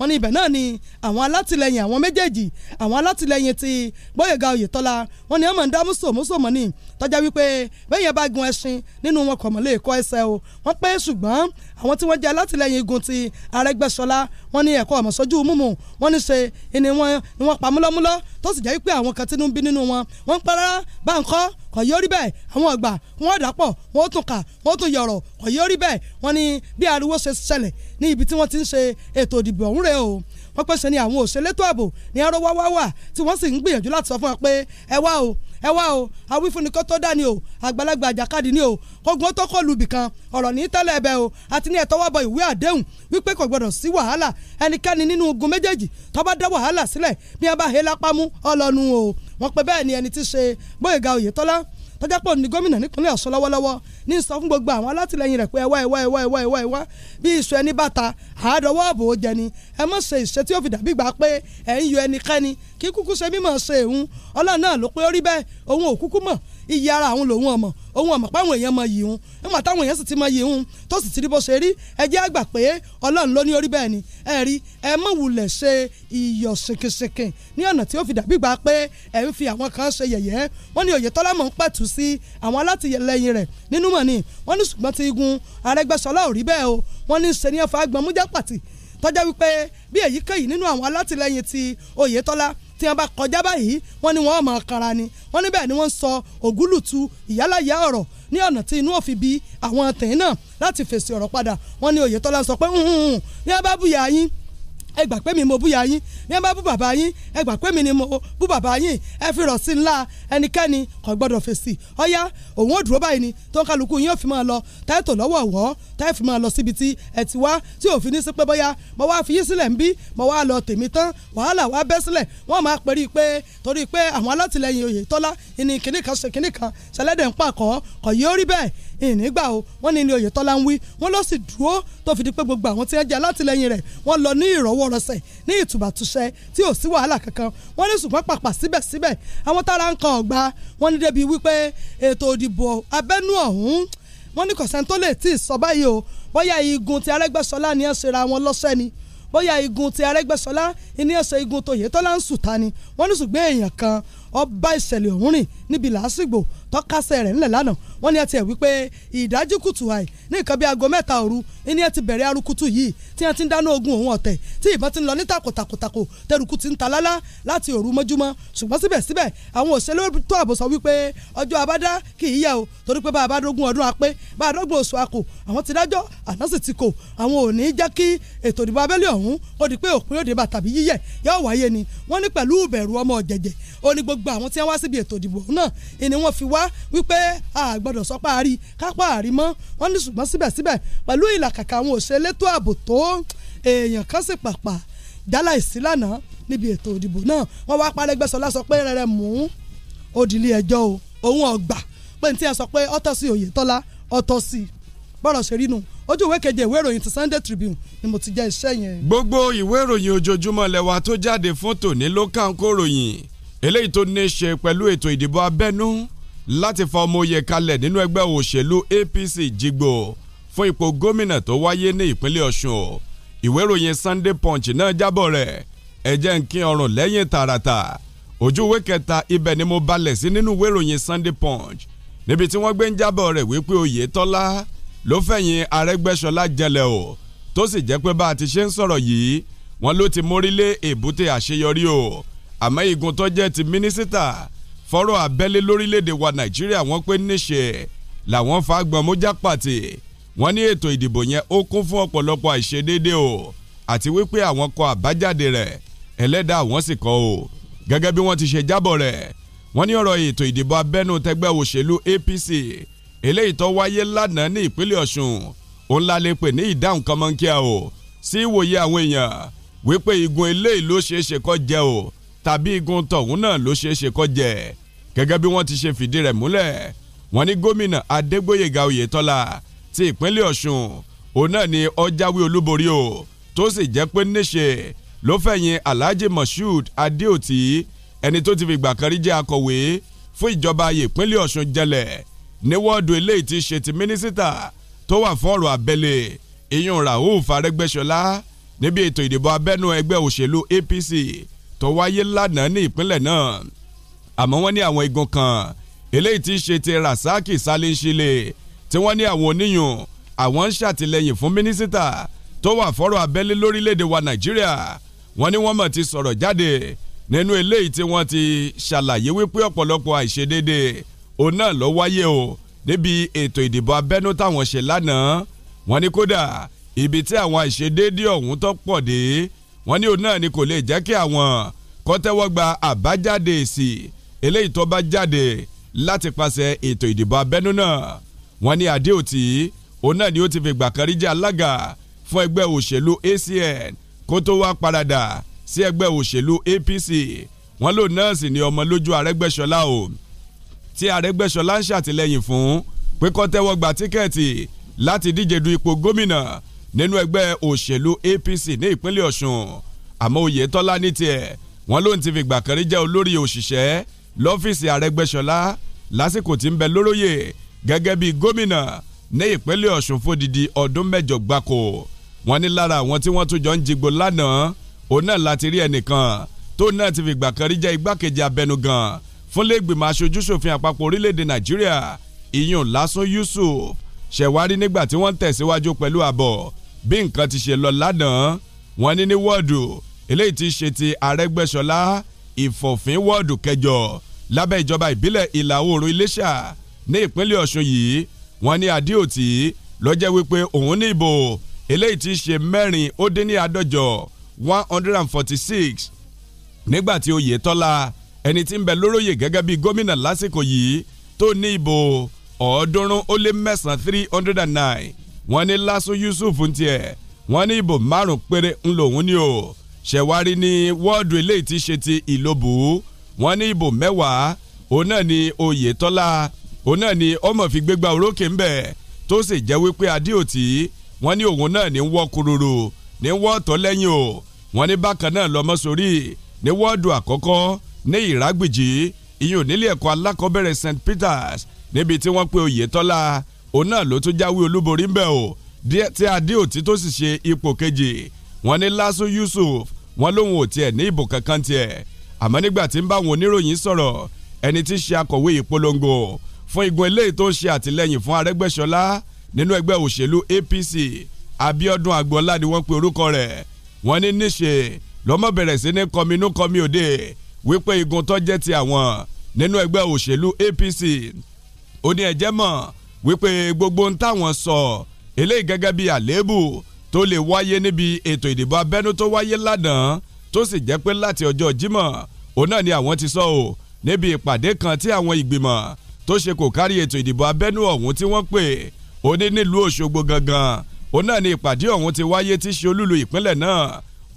wọ́n ní ibẹ̀ náà ni àwọn alátìlẹyìn àwọn méjèèjì àwọn alátìlẹyìn ti Gbóyèga Oyètọ́lá wọ́n ní ọmọ ń dá mùsòmùsòmọ́ ni tọ́já wípé bẹ́yẹn bá gun ẹṣin nínú wọn kọ̀ mọ́ lè kọ́ ẹsẹ̀ o wọ́n pé ṣùgbọ́n àwọn tí wọ́n jẹ́ alátìlẹyìn igun ti Arẹ́gbẹ́ṣọlá wọ́n ní ẹ̀kọ́ ọ̀mọ̀sọ́jú múmu wọ́n ní ṣe ni wọ́n pa múlọ́múlọ́ tó sì jẹ́ wípé àwọn kan tínú bí nínú wọn wọ́n ń pará bá ń kọ́ kò yóò rí bẹ́ẹ̀ àwọn àgbà wọ́n dàpọ̀ wọ́n tún kà wọ́n tún yọ̀rọ̀ kò yóò rí bẹ́ẹ̀ wọ́n ní bí ariwo ṣe ṣẹlẹ̀ ní ibi tí wọ́n ti ń ṣe ètò ìdìbò ọ̀hún rẹ̀ o wọ́n pèsè ní àwọn òṣèlétò ààbò ní ẹ̀rọ wá wá wà tí wọ́n sì ń gbìyànjú láti sọ fún wọn pé ẹ wá o ẹ wá o awífúnni kó tó dá ni o àgbàlagbà àjàkadì ni o kógun tó kọ́ lùbì kan ọ̀rọ̀ ní tẹ́lẹ̀ ẹ̀bẹ̀ o àti ní ẹ̀tọ́ wá bọ ìwé àdéhùn wípé kò gbọdọ̀ sí wàhálà ẹnikẹ́ni nínú ogun méjèèjì tó bá dá wàhálà sílẹ̀ bí wọ́n bá he ọlọ́nu o wọ́n pe bẹ́ẹ̀ ni ẹni tí ṣe Gbóyèga Oyètọ́lá tọ́jápọ̀ ní gómìnà nípínlẹ̀ Ọ̀ṣun lọ́wọ́lọ́wọ́ ní sọ fún gbogbo àwọn alátìlẹyìn rẹ̀ pé ẹwà ẹwà ẹwà ẹwà ẹwà ẹwà bí iṣu ẹni bàtà àádọ́wọ́ ààbò jẹ ni ẹ mọ̀ ṣe ìṣe tí ó fi dàbí gbà pé ẹ̀ ń yọ ẹnikẹ́ni kí kúkú ṣe mímọ̀ ṣe òun ọlọ́run náà ló pé ó rí bẹ́ẹ̀ òun ò kúkú mọ̀ iye ara àwọn lòun ọmọ òun ọmọ páwọn èèyàn mọ yìí hun nígbà táwọn èèyàn sì ti mọ yìí hun tó sì ti rí bó ṣe rí ẹ jẹ́ àgbà pé ọlọ́run ló ní orí bẹ́ẹ̀ ni ẹ rí ẹ mọ̀ wulẹ̀ ṣe iyọ̀ ṣèkèṣèkè ní ọ̀nà tí ó fi dàbí gbà pé ẹ ń fi àwọn kan ṣe yẹ̀yẹ́ wọ́n ní Oyètọ́lá mọ̀ ń pẹ̀tù sí àwọn alátìlẹyìn rẹ̀ nínú mọ̀ ni wọ́n ní ṣùgbọ́n ti igun Arẹ́gbẹ́ṣọlá ò rí bẹ́ẹ̀ o wọ́n ní ṣe ní ẹ̀fọ́ agbọ̀nmújá pàtì tọ́já wípé bí èyíkéyìí nínú àwọn alátìlẹyìn ti Oyètọ́lá tí wọ́n bá kọjá báyìí wọ́n ní wọ́n máa kanra ni wọ́n níbẹ̀ ni wọ́n ń sọ ògúlùtù ìyálàyà ọ̀rọ̀ ní ọ̀nà tí inú òfin bí àwọn tẹ̀yìn náà láti fèsì ọ̀rọ̀ padà wọ́n ní Oyètọ́lá sọ pé ní abábùyà yín ẹ gbà pé mi mo búya yín bí ẹ bá bú bàbá yín ẹ gbà pé mi ni mo bú bàbá yín ẹ fi rọ̀ sí ńlá ẹnikẹ́ni kò gbọ́dọ̀ fèsì ọ̀yá òun ò dúró báyìí ni tó ń kálukú yín ò fi máa lọ táìtò lọ́wọ́ wọ́ táì fi máa lọ síbi tí ẹ ti wá tí òfin ní sí pé bóyá mo wá fi yín sílẹ̀ ń bí mo wá lọ tèmi tán wàhálà wá bẹ́ sílẹ̀ wọ́n máa pẹ̀rí pé torí pé àwọn alátìlẹyìn Oyètọ́lá ìní kìnnìkan ṣe kìnnìkan ṣẹlẹ́dẹ̀ ń pàkọ́ kò yóò rí bẹ́ẹ̀ ìnígbà o wọ́n ní ní Oyètọ́lá ń wí wọ́n ló sì dúró tó fi di pé gbogbo àwọn tí wọ́n jẹ́ alátìlẹyìn rẹ̀ wọ́n lọ ní ìrọ̀wọ́rọ̀sẹ̀ ní ìtùbàtúṣẹ́ tí ò sí wàhálà kankan wọ́n ní ṣùgbọ́n pàpà síbẹ̀síbẹ̀ àwọn tára ń kan ọ̀gbà wọ́n ní débi wípé ètò òdìbò abẹ́nú ọ̀hún wọ́n ní kọ̀sẹ́ tó lè tí ì sọ báyìí o bóyá igun ti Arẹ́gbẹ́ṣọlá ni ẹ̀ ṣe ra wọn lọ́sẹ̀ ni bóyá igun ti Arẹ́gbẹ́ṣọlá ni ẹ̀ ṣe igun tòyétọ́lá ń sùta ni wọ́n ní ṣùgbọ́n èèyàn kan ọba ìṣẹ̀lẹ̀ ọ̀hún rìn níbi làásìgbò tọ́kasẹ̀ rẹ̀ ńlẹ̀ lánàá wọ́n ní ẹ tiẹ̀ wípé ìdájí kùtù àì ní nǹkan bíi aago mẹ́ta òru ní ẹ ti bẹ̀rẹ̀ arukutu yìí tí ẹ ti ń dáná ogun òun ọ̀tẹ̀ tí ìbọn ti ń lọ ní takotakotako tẹ̀rùkù ti ń ta lálá láti òru mọ́júmọ́ ṣùgbọ́n síbẹ̀síbẹ̀ àwọn òṣèlú tó àbò sọ wípé ọjọ́ abádá kì í yẹ o torí pé bá a bá dógún ọdún apé bá a dógún oṣù akò àwọn ti dájọ́ àná sì ti kò àwọn ò ní jẹ́ kí ètò ìdìbò abẹ́lé ọ̀hún ó di pé òpin òde bá tàbí yíyẹ yóò wáyé ni wọ́n ní pẹ̀lú ìbẹ̀rù ọmọ jẹ̀jẹ̀ ó ní gbogbo àwọn tí wọ́n wá síbi ètò ìdìbò ọ̀hún náà ìní wọ́n fi wá wípé a gbọ́dọ̀ sọ páàrí kápá àrí mọ́ wọ́n ní ṣùgbọ́n síbẹ̀síbẹ̀ pẹ̀lú ìlàkàkà àwọn òṣèlétò ààbò tó èèyàn kan sì pàpà jálá ìsílànà níbi ètò òdìbò náà wọ́n wá parẹ́gbẹ́sọlá sọ pé rẹ̀rẹ̀ mú òdìlé ẹjọ́ o òun ọ̀gbà pé ní tí sọ pé ọ̀tọ̀ sí Oyètọ́lá ọ̀tọ̀ sí bọ́rọ̀ ṣe rí nu ojú ìwé keje ìwé ìròyìn ti Sunday Tribune ni mo ti jẹ́ iṣẹ́ yẹn. gbogbo ìwé ìròyìn ojoojúmọ́ lẹwa tó jáde fún tòní ló kà kó ròyìn eléyìí tó ní í ṣe pẹ̀lú ètò ìdìbò abẹ́nú láti fa ọmọ oyè kalẹ̀ nínú ẹgbẹ́ òṣèlú APC jigbo fún ipò gómìnà tó wáyé ní ìpínlẹ̀ Ọ̀ṣun ìwé ìròyìn Sunday Punch náà jábọ̀ rẹ̀ ẹ̀jẹ̀ ń kín ọrùn lẹ́yìn tààràtà ojú ìwé kẹta ibẹ̀ ni mo balẹ̀ sí nínú ìwé ìròyìn Sunday Punch níbi tí wọ́n gbé ń jábọ̀ rẹ̀ wípé Oyètọ́lá ló fẹ̀yìn Arẹ́gbẹ́ṣọlá jẹlẹ̀ o tó sì jẹ́ pé bá a ti ṣe ń sọ̀rọ̀ yìí wọ́n ló ti mórí lé èbúté àṣeyọrí o àmọ́ igun tó jẹ́ ti mínísítà fọ́rọ̀ abẹ́lé lórílẹ̀‐èdè wa nàìjíríà wọ́n pé níṣe làwọn fa gbọ̀nmójá pàtì wọ́n ní ètò ìdìbò yẹn ó kún fún ọ̀pọ̀lọpọ̀ àìṣedéédé o àti wípé àwọn kọ àbájáde rẹ̀ ẹlẹ́dà àwọn sì kọ o gẹ́gẹ́ bí wọ́n ti ṣe jábọ̀ rẹ̀ wọ́n ní ọ̀rọ̀ ètò ìdìbò abẹ́nú tẹgbẹ́ òṣèlú APC eléyìí tó wáyé lánàá ní ìpínlẹ̀ Ọ̀ṣun òun la lè pè ní ìdáhùn kan mọ́ńkíà o sí ìwòye àwọn èèyàn wípé igun eléyìí ló ṣeé ṣe kó jẹ́ o tàbí igun tọ̀hún náà ló ṣeé ṣe kó jẹ́ gẹ́gẹ́ bí wọ́n ti ṣe fìdí rẹ̀ múlẹ̀ wọ́n ní gómìnà Adégbóyèga Oyètọ́lá ti ìpínlẹ̀ Ọ̀ṣun òun náà ni ó jáwé olúborí o tó sì jẹ́ pé níṣe ló fẹ̀yìn Alhaji Moshood Adéòtí ẹni tó ti fi gbà kan rí jẹ́ akọ̀wé fún ìjọba ayé ìpínlẹ̀ Ọ̀ṣun jẹlẹ̀ ní wọ́ọ̀dù eléyìí ti ṣe ti mínísítà tó wà fún ọ̀rọ̀ abẹ́lé ìyún Rauf Arẹ́gbẹ́ṣọlá níbi ètò ìdìbò abẹ́nú ẹgbẹ́ òṣèlú APC tó wáyé lánàá ní ìpínlẹ̀ náà àmọ́ wọ́n ní àwọn igun kan eléyìí tí ṣe ti Rasaki Salinṣile tí wọ́n ní àwọn oníyùn àwọn ń ṣàtìlẹ́yìn fún mínísítà tó wà fọ́rọ̀ abẹ́lé lórílẹ̀‐èdè wa Nàìjíríà wọ́n ní wọ́n mọ̀ ti sọ̀rọ̀ jáde nínú eléyìí tí wọ́n ti ṣàlàyé wípé ọ̀pọ̀lọpọ̀ àìṣedédé òun náà ló wáyé o níbi ètò ìdìbò abẹ́nú táwọn ṣe lánàá wọ́n ní kódà ibi tí àwọn àìṣedédé ọ̀hún tó pọ̀ dé wọ́n ní òun náà ni kò lè jẹ́ kí àwọn kọ́tẹ́wọ́ gba àbájáde èsì eléyìí tó bá jáde láti pàṣẹ ètò ìdìbò abẹ́nú náà wọ́n ní Adéòtí òun náà ni ó ti fi gbà kan rí jẹ́ alága fún ẹgbẹ́ òṣèlú ACN kó tó wá paradà sí ẹgbẹ́ òṣèlú APC wọ́n lòun náà sì ni ọmọ lójú Arẹ́gbẹ́ṣọlá o tí Arẹ́gbẹ́ṣọlá ń ṣàtìlẹ́yìn fún pé kọ́tẹ́wọ́ gba tíkẹ́ẹ̀tì láti díje du ipò gómìnà nínú ẹgbẹ́ òṣèlú APC ní ìpínlẹ̀ Ọ̀ṣun àmọ́ Oyètọ́lá ní tiẹ̀ wọ́n ló ń ti fìgbà kan rí jẹ́ olórí òṣìṣẹ́ lọ́fíìsì Arẹ́gbẹ́ṣọlá lásìkò tí ń bẹ lóróyè gẹ́gẹ́ bí gómìnà ní ìpínlẹ̀ Ọ̀ṣun fódìdí ọdún mẹ́jọ gbáko wọ́n ní lára àwọn tí wọ́n tún jọ ń jigbó lánàá òun náà láti rí ẹnìkan tó náà ti fìgbà kan rí jẹ́ igbákejì abẹnugan fúnlẹ́gbìmọ̀ aṣojúṣòfin àpapọ̀ orílẹ̀-èdè Nàìjíríà ìyún Lásùn Yusuf ṣẹ̀wárí nígbà tí wọ́n tẹ̀síwájú pẹ̀lú àbọ̀ bí nǹkan ti ṣe lọ lánàá wọ́n ní ní wọ́ọ̀dù eléyìí ti ṣe ti Arẹ́gbẹ́ṣọlá ìfọ̀fín wọ́ọ̀dù kẹjọ lábẹ́ ìjọba ìbílẹ̀ ìlà oòrùn Iléṣà ní ìpínlẹ̀ Ọ̀ṣun yìí wọ́n ní Adéòtí ló jẹ́ wípé òun ní ìbò eléyìí ti ṣe mẹ́rin ó dín ní àádọ́jọ one hundred and forty six nígbà tí Oyètọ́lá ẹni tí ń bẹ lóróyè gẹ́gẹ́ bí gómìnà lásìkò yìí tó ní ìbò ọ̀ọ́dúnrún ó lé mẹ́sàn-án three hundred and nine wọ́n ní Lásù Yusuf ń tiẹ̀ wọ́n ní ìbò márùn péré ń lòun ní o ṣẹ̀wárí ní wọ́ọ̀dù eléyìí ti ṣe ti ìlóbù wọ́n ní ìbò mẹ́wàá òun náà ni Oyètọ́lá òun náà ni ọmọ fi gbégbá orókè ń bẹ̀ tó sì jẹ́ wípé Adéòtí wọ́n ní òun náà ní wọ́ kúrúrú ní wọ́ọ̀tọ́ lẹ́yìn o wọ́n ní bákan náà lọ́mọ sórí ní wọ́ọ̀dù àkọ́kọ́ ní ìrágbìjì iyùn ẹ̀kọ́ alákọ̀ọ́bẹ̀rẹ̀ St Peters níbi tí wọ́n pe Oyètọ́lá òun náà ló tún jáwé olúborí ń bẹ̀ o tí adéòtí tó sì ṣe ipò kejì wọ́n ní Láṣù Yusuf wọ́n lóun ò tiẹ̀ ní ìbò kankan tiẹ̀ àmọ́ nígbà tí ń bá àwọn oníròyìn sọ̀rọ̀ ẹni tí ń ṣe akọ̀wé ìpolongo fún igun eléyìí tó ń ṣe àtìlẹ́yìn fún Arẹ́gbẹ́ṣọlá nínú ẹgbẹ́ òṣèlú APC Abíọ́dún Agboola ni wọ́n pe orúkọ rẹ̀ wọ́n ní níṣe lọ́mọ bẹ̀rẹ̀ sí ní kọminú kọmi òde wípé igun tó jẹ́ ti àwọn nínú ẹgbẹ́ òṣèlú APC ó ní ẹ̀jẹ̀ mọ̀ wípé gbogbo ń táwọn sọ eléyìí gẹ́gẹ́ bí àléébù tó lè wáyé níbi ètò ìdìbò abẹ́nú tó wáyé lánàá tó sì jẹ́ pé láti ọjọ́ Jímọ̀ òun náà ni àwọn ti sọ o níbi ìpàdé kan tí àwọn ìgbìmọ̀ tó ṣe kò kárí ètò ìdìbò abẹ́nú ọ̀hún tí wọ́n pè òní nílùú Òṣogbo gangan òun náà ni ìpàdé ọ̀hún ti wáyé tí ṣe olúlu ìpínlẹ̀ náà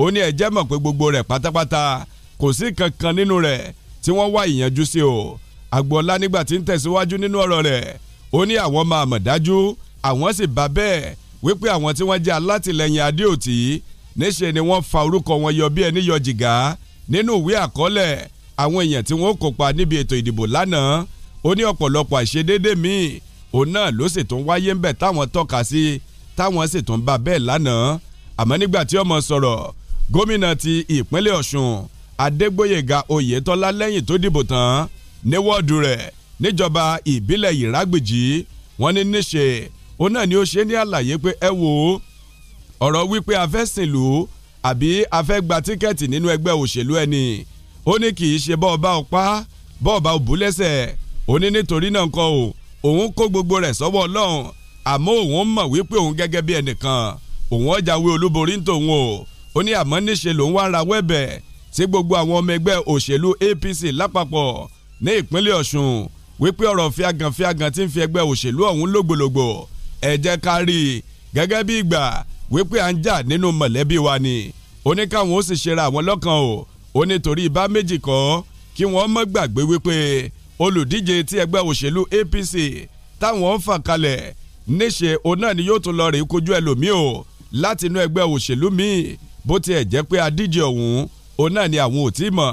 ó ní ẹjẹ́ mọ̀ pé gbogbo rẹ̀ pátápátá kò sí kankan nínú rẹ̀ tí wọ́n wá ìyanjú sí o Agboola nígbà tí ń tẹ̀síwájú nínú ọ̀rọ̀ rẹ̀ ó ní àwọn máa mọ̀ dájú àwọn sì bá bẹ́ẹ̀ wípé àwọn tí wọ́n jẹ́ alátìlẹyìn Adéòtí níṣe ni wọ́n fa orúkọ wọn yọ bí ẹni yọ jìgá nínú ìwé àkọọ́lẹ̀ àwọn èèyàn tí wọ́n kópa níbi ètò ìdìbò lánàá ó ní ọ̀pọ̀lọpọ̀ àṣedédé míì òun náà ló sì tún wáyé ńbẹ̀ táwọn tọ́ka sí táwọn sì tún bá bẹ́ẹ̀ lánàá àmọ́ nígbà tí ọmọ sọ̀rọ̀ gómìnà ti ìpínlẹ̀ Ọ̀ṣun Adégbóyèga Oyètọ́lá lẹ́yìn tó dìbò tán ní wọ́ọ̀dù rẹ̀ níjọba ìbílẹ̀ ìrágbèjì wọ́n ní níṣe òun náà ni ó ṣe ní àlàyé pé ẹ wò ó ọ̀rọ̀ wípé a fẹ́ sìn lù ú àbí a fẹ́ gba tíkẹ́ẹ̀tì nínú ẹgbẹ́ òṣèlú ẹni ó ní kì í ṣe bọ́ọ̀bá ọ̀pá bọ́ọ̀bá òbúlẹ́sẹ̀ ó ní nítorí náà kọ́ ò òun kó gbogbo rẹ̀ sọ́wọ́ ọlọ́run àmọ́ òun mọ̀ wípé òun gẹ́gẹ́ bí ẹnìkan òun ọjà wé olúborí ń tòun o ó ní àmọ́ níṣe lòun wá ra wẹ́bẹ̀ tí gbogbo àwọn ọmọ ẹgbẹ́ òṣèlú APC lápapọ̀ ní ìpínlẹ̀ Ọ̀ṣun wípé ọ̀rọ̀ fíagàn fíagàn tí ń fi ẹgbẹ́ òṣèlú ọ̀hún lògbòlògbò ẹ jẹ́ ká rí i gẹ́gẹ́ bí ìgbà wípé à ń jà nínú mọ̀lẹ́bí wa ni ó ní káwọn ó sì ṣera àwọn lọ́kàn o ó ní torí ibà méjì kọ́ kí wọ́n mọ́ gbàgbé wípé olùdíje tí ẹgbẹ́ òṣèlú APC táwọn ń fà kalẹ̀ níṣe òun náà ni yóò tún lọ rèé kojú ẹlòmíì o láti inú ẹgbẹ́ òṣèlú míì bó tiẹ̀ jẹ́ pé adíje ọ̀hún òun náà ni àwọn ò tí mọ̀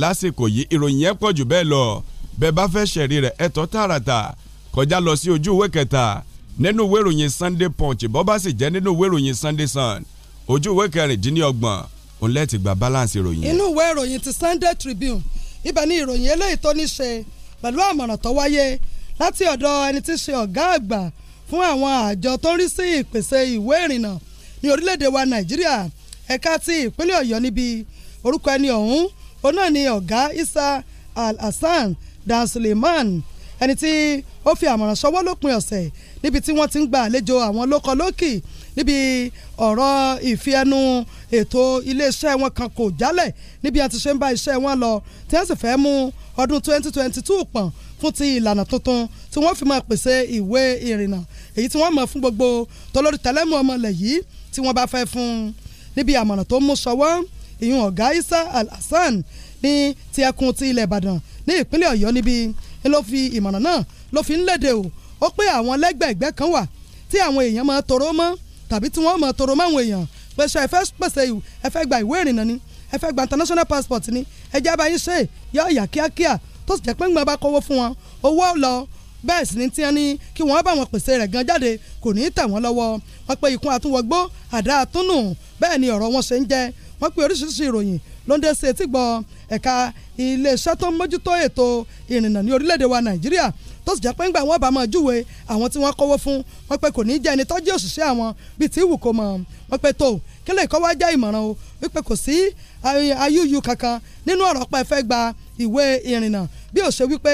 lásìkò yìí ìròyìn yẹn pọ̀ jù bẹ́ẹ̀ lọ bẹ́ẹ̀ bá fẹ́ ṣẹ̀rí rẹ̀ ẹ̀tọ́ tààràtà kọjá lọ sí ojú ìwé kẹta nínú ìwé ìròyìn Sunday Punch bó bá sì jẹ́ nínú ìwé ìròyìn Sunday Sun ojú ìwé kẹrìndínlọ́gbọ̀n òun lẹ́ẹ̀tì gba balance ìròyìn. inú ìwé ìròyìn ti Sunday Tribune ibẹ̀ ni ìròyìn eléyìí tó ní ṣe pẹ̀lú àmọ̀ràn tó wáyé láti ọ̀dọ̀ ẹni tí ń ṣe ọ̀gá àgbà fún àwọn àjọ tó ń rí sí ìpèsè ìwé ìrìnnà ní orílẹ̀-èdè wa Nàìjíríà ẹ̀ka ti ìpínlẹ̀ Ọ̀yọ́ níbi orúkọ ẹni ọ̀hún òun náà ni ọ̀gá Isa Al-Hassan Dan Suleiman ẹni tí ó fi àmọ̀ràn ṣọwọ́ lópin ọ̀sẹ̀ níbi tí wọ́n ti ń gba àlejò àwọn lókọlókì níbi ọ̀rọ̀ ìfiẹnu ètò iléeṣẹ́ wọn kan kò jálẹ̀ níbi àti ṣe ń bá iṣẹ́ wọn lọ tí wọ́n sì fẹ́ mú ọdún 2022 pọ̀n fún ti ìlànà tuntun tí wọ́n fi máa pèsè ìwé ìrìnnà èyí tí wọ́n mọ̀ fún gbogbo tọlórí tẹlẹ́mú ọmọlẹ̀ yìí tí wọ́n bá fẹ́ fún un níbi àmọ̀ràn tó mú ṣọwọ́ ìyún ọ̀gá Isa al ní ti ẹkùn ti ilẹ̀ ìbàdàn ní ìpínlẹ̀ ọ̀yọ́ níbi ló fi ìmọ̀ràn náà ló fi ń léde o ó pé àwọn lẹ́gbẹ̀ẹ́gbẹ́ kan wà tí àwọn èèyàn máa toró mọ́ tàbí tí wọ́n máa toró mọ́ àwọn èèyàn pé ṣe pèsè ẹ gba ìwé ìrìnnà ni ẹ gba international passport ni ẹ jẹ́ abayín ṣe yọ ọ̀yà kíákíá tó sì jẹ́ pé ń bá kọ́wọ́ fún wọn owó lọ bẹ́ẹ̀ sì ni tí wọ́n ní kí wọ́n bá wọn pèsè rẹ̀ gan jáde kò ní í tẹ̀ wọ́n lọ́wọ́ wọ́n pe ikun àtúnwọ̀gbó àdá àtúnù bẹ́ẹ̀ ni ọ̀rọ̀ wọn ṣe ń jẹ́ wọ́n pe oríṣiríṣi ìròyìn lóńdé ṣe tí gbọ́n ẹ̀ka iléeṣẹ́ tó ń mójútó ètò ìrìnnà ní orílẹ̀-èdè wa nàìjíríà tó sì jẹ́ pé ńgbà wọn bá máa júwe àwọn tí wọ́n kówó fún wọn pé kò ní jẹ́ ẹni tọ́jú òṣìṣẹ́ àwọn bíi tí wù kó mọ̀ wọn pé tó kílẹ̀ kọ́ wá jẹ́ ìmọ̀ràn o wípé kò sí ayúyú kankan nínú ọ̀rọ̀ pẹ́ fẹ́ gba ìwé ìrìnnà bí ó ṣe wípé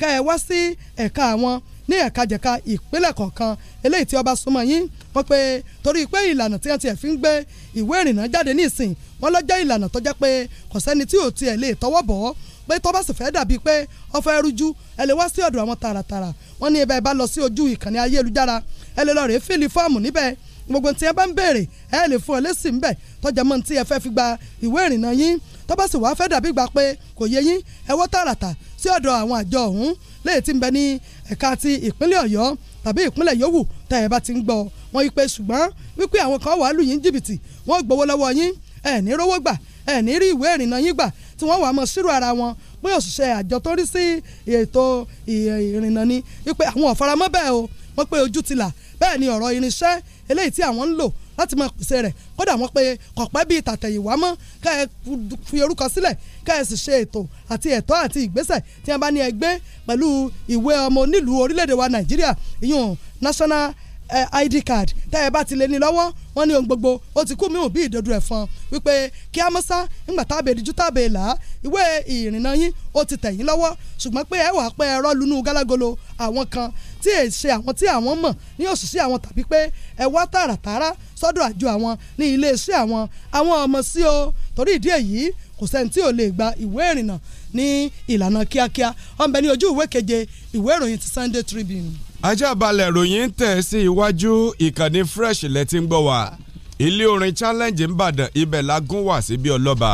ká ẹ wá sí ẹ̀ka àwọn ní ẹ̀kajẹ̀ka ìpínlẹ̀ kọ̀ọ̀kan eléyìí tí ọba súnmọ́ yín wọ́n pe torí pé ìlànà tí wọ́n ti ẹ̀ fi ń gbé ìwé ìrìnnà jáde ní ìsìn wọ́n lọ jẹ́ ìlànà tó jẹ́ pé kò sẹ́ni tí ò tiẹ̀ lè tọwọ́ bọ̀ ọ́ pé tọ́ bá sì fẹ́ dàbíi pé ọfẹ́ rújú ẹ lè wá sí ọ̀dọ̀ àwọn tààràtààrà wọ́n ní ibẹ̀ bá lọ sí ojú ìkànnì ayélujára ẹ lè lọ rèé fìlì fọ́ọ̀mù níbẹ̀ gbogbo tí ẹ bá ń béèrè ẹ lè fún ọ lésì ńbẹ tọjá mọ tí ẹ fẹ́ fi gba ìwé ìrìnnà yín tó bá sì wá fẹ́ dàbí gbà pé kò yé yín ẹwọ́ tààràtà sí ọ̀dọ̀ àwọn àjọ ọ̀hún léyìí tí ń bẹ ní ẹ̀ka ti ìpínlẹ̀ ọ̀yọ́ tàbí ìpínlẹ̀ yòówù tá ẹ̀ bá ti ń gbọ́ wọn ipe ṣùgbọ́n wípé àwọn kan wàá lù yín jìbìtì wọ́n gbowó lọ́wọ́ yín ẹ̀ ní rówó gbà ẹ̀ ní rí ìwé ìrìnnà yín gbà tí wọ́n wàá mọ̀ sírò ara wọn pé òṣìṣẹ́ àjọ tó rí sí ètò ìrìnnà ni wípé àwọn ò bẹ́ẹ̀ o wọ́n pé ojú ti là bẹ́ẹ̀ ni ọ̀rọ̀ irinṣẹ́ eléyìí tí àwọn ń lò láti máa pèsè rẹ̀ kódà wọ́n pé kọ̀pẹ́ bíi tàtẹ̀yìnwá mọ́ ká ẹ fi orúkọ sílẹ̀ ká ẹ sì ṣe ètò àti ẹ̀tọ́ àti ìgbésẹ̀ tí wọ́n bá ní ẹgbẹ́ pẹ̀lú ìwé ọmọ onílùú orílẹ̀-èdè wa Nàìjíríà ìyún national eh, id card tẹ́ ẹ bá ti lè ní lọ́wọ́ wọ́n ní ohun gbogbo ó ti kú mi ò bí ìdodo ẹ̀fọn wípé kí á mọ́sá nígbà tábè díjú tábè là á ìwé ìrìnnà yín ó ti tẹ̀yìn lọ́wọ́ ṣùgbọ́n pé ẹ wà pé ẹ rọ́ lunú gálágolo àwọn kan tí èyí ṣe àwọn tí àwọn mọ̀ ní òṣìṣẹ́ àwọn tàbí pé ẹ wá tààràtààrà sọ́dọ̀ àjọ àwọn ní iléeṣẹ́ àwọn àwọn ọmọ sí o torí ìdí èyí kò sẹ́ni tí ò lè gba ìwé ìrìnnà ní ìlànà kíákíá ọ̀nbẹ ní ojú ìwé keje ìwé ìròyìn ti Sunday Tribune. ajá balẹ̀ ìròyìn tẹ̀ sí iwájú ìkànnì fresh lẹ́tí ń gbọ́ wá ilé orin challenge ńbàdàn ibẹ̀ la gún wá síbi ọlọ́ba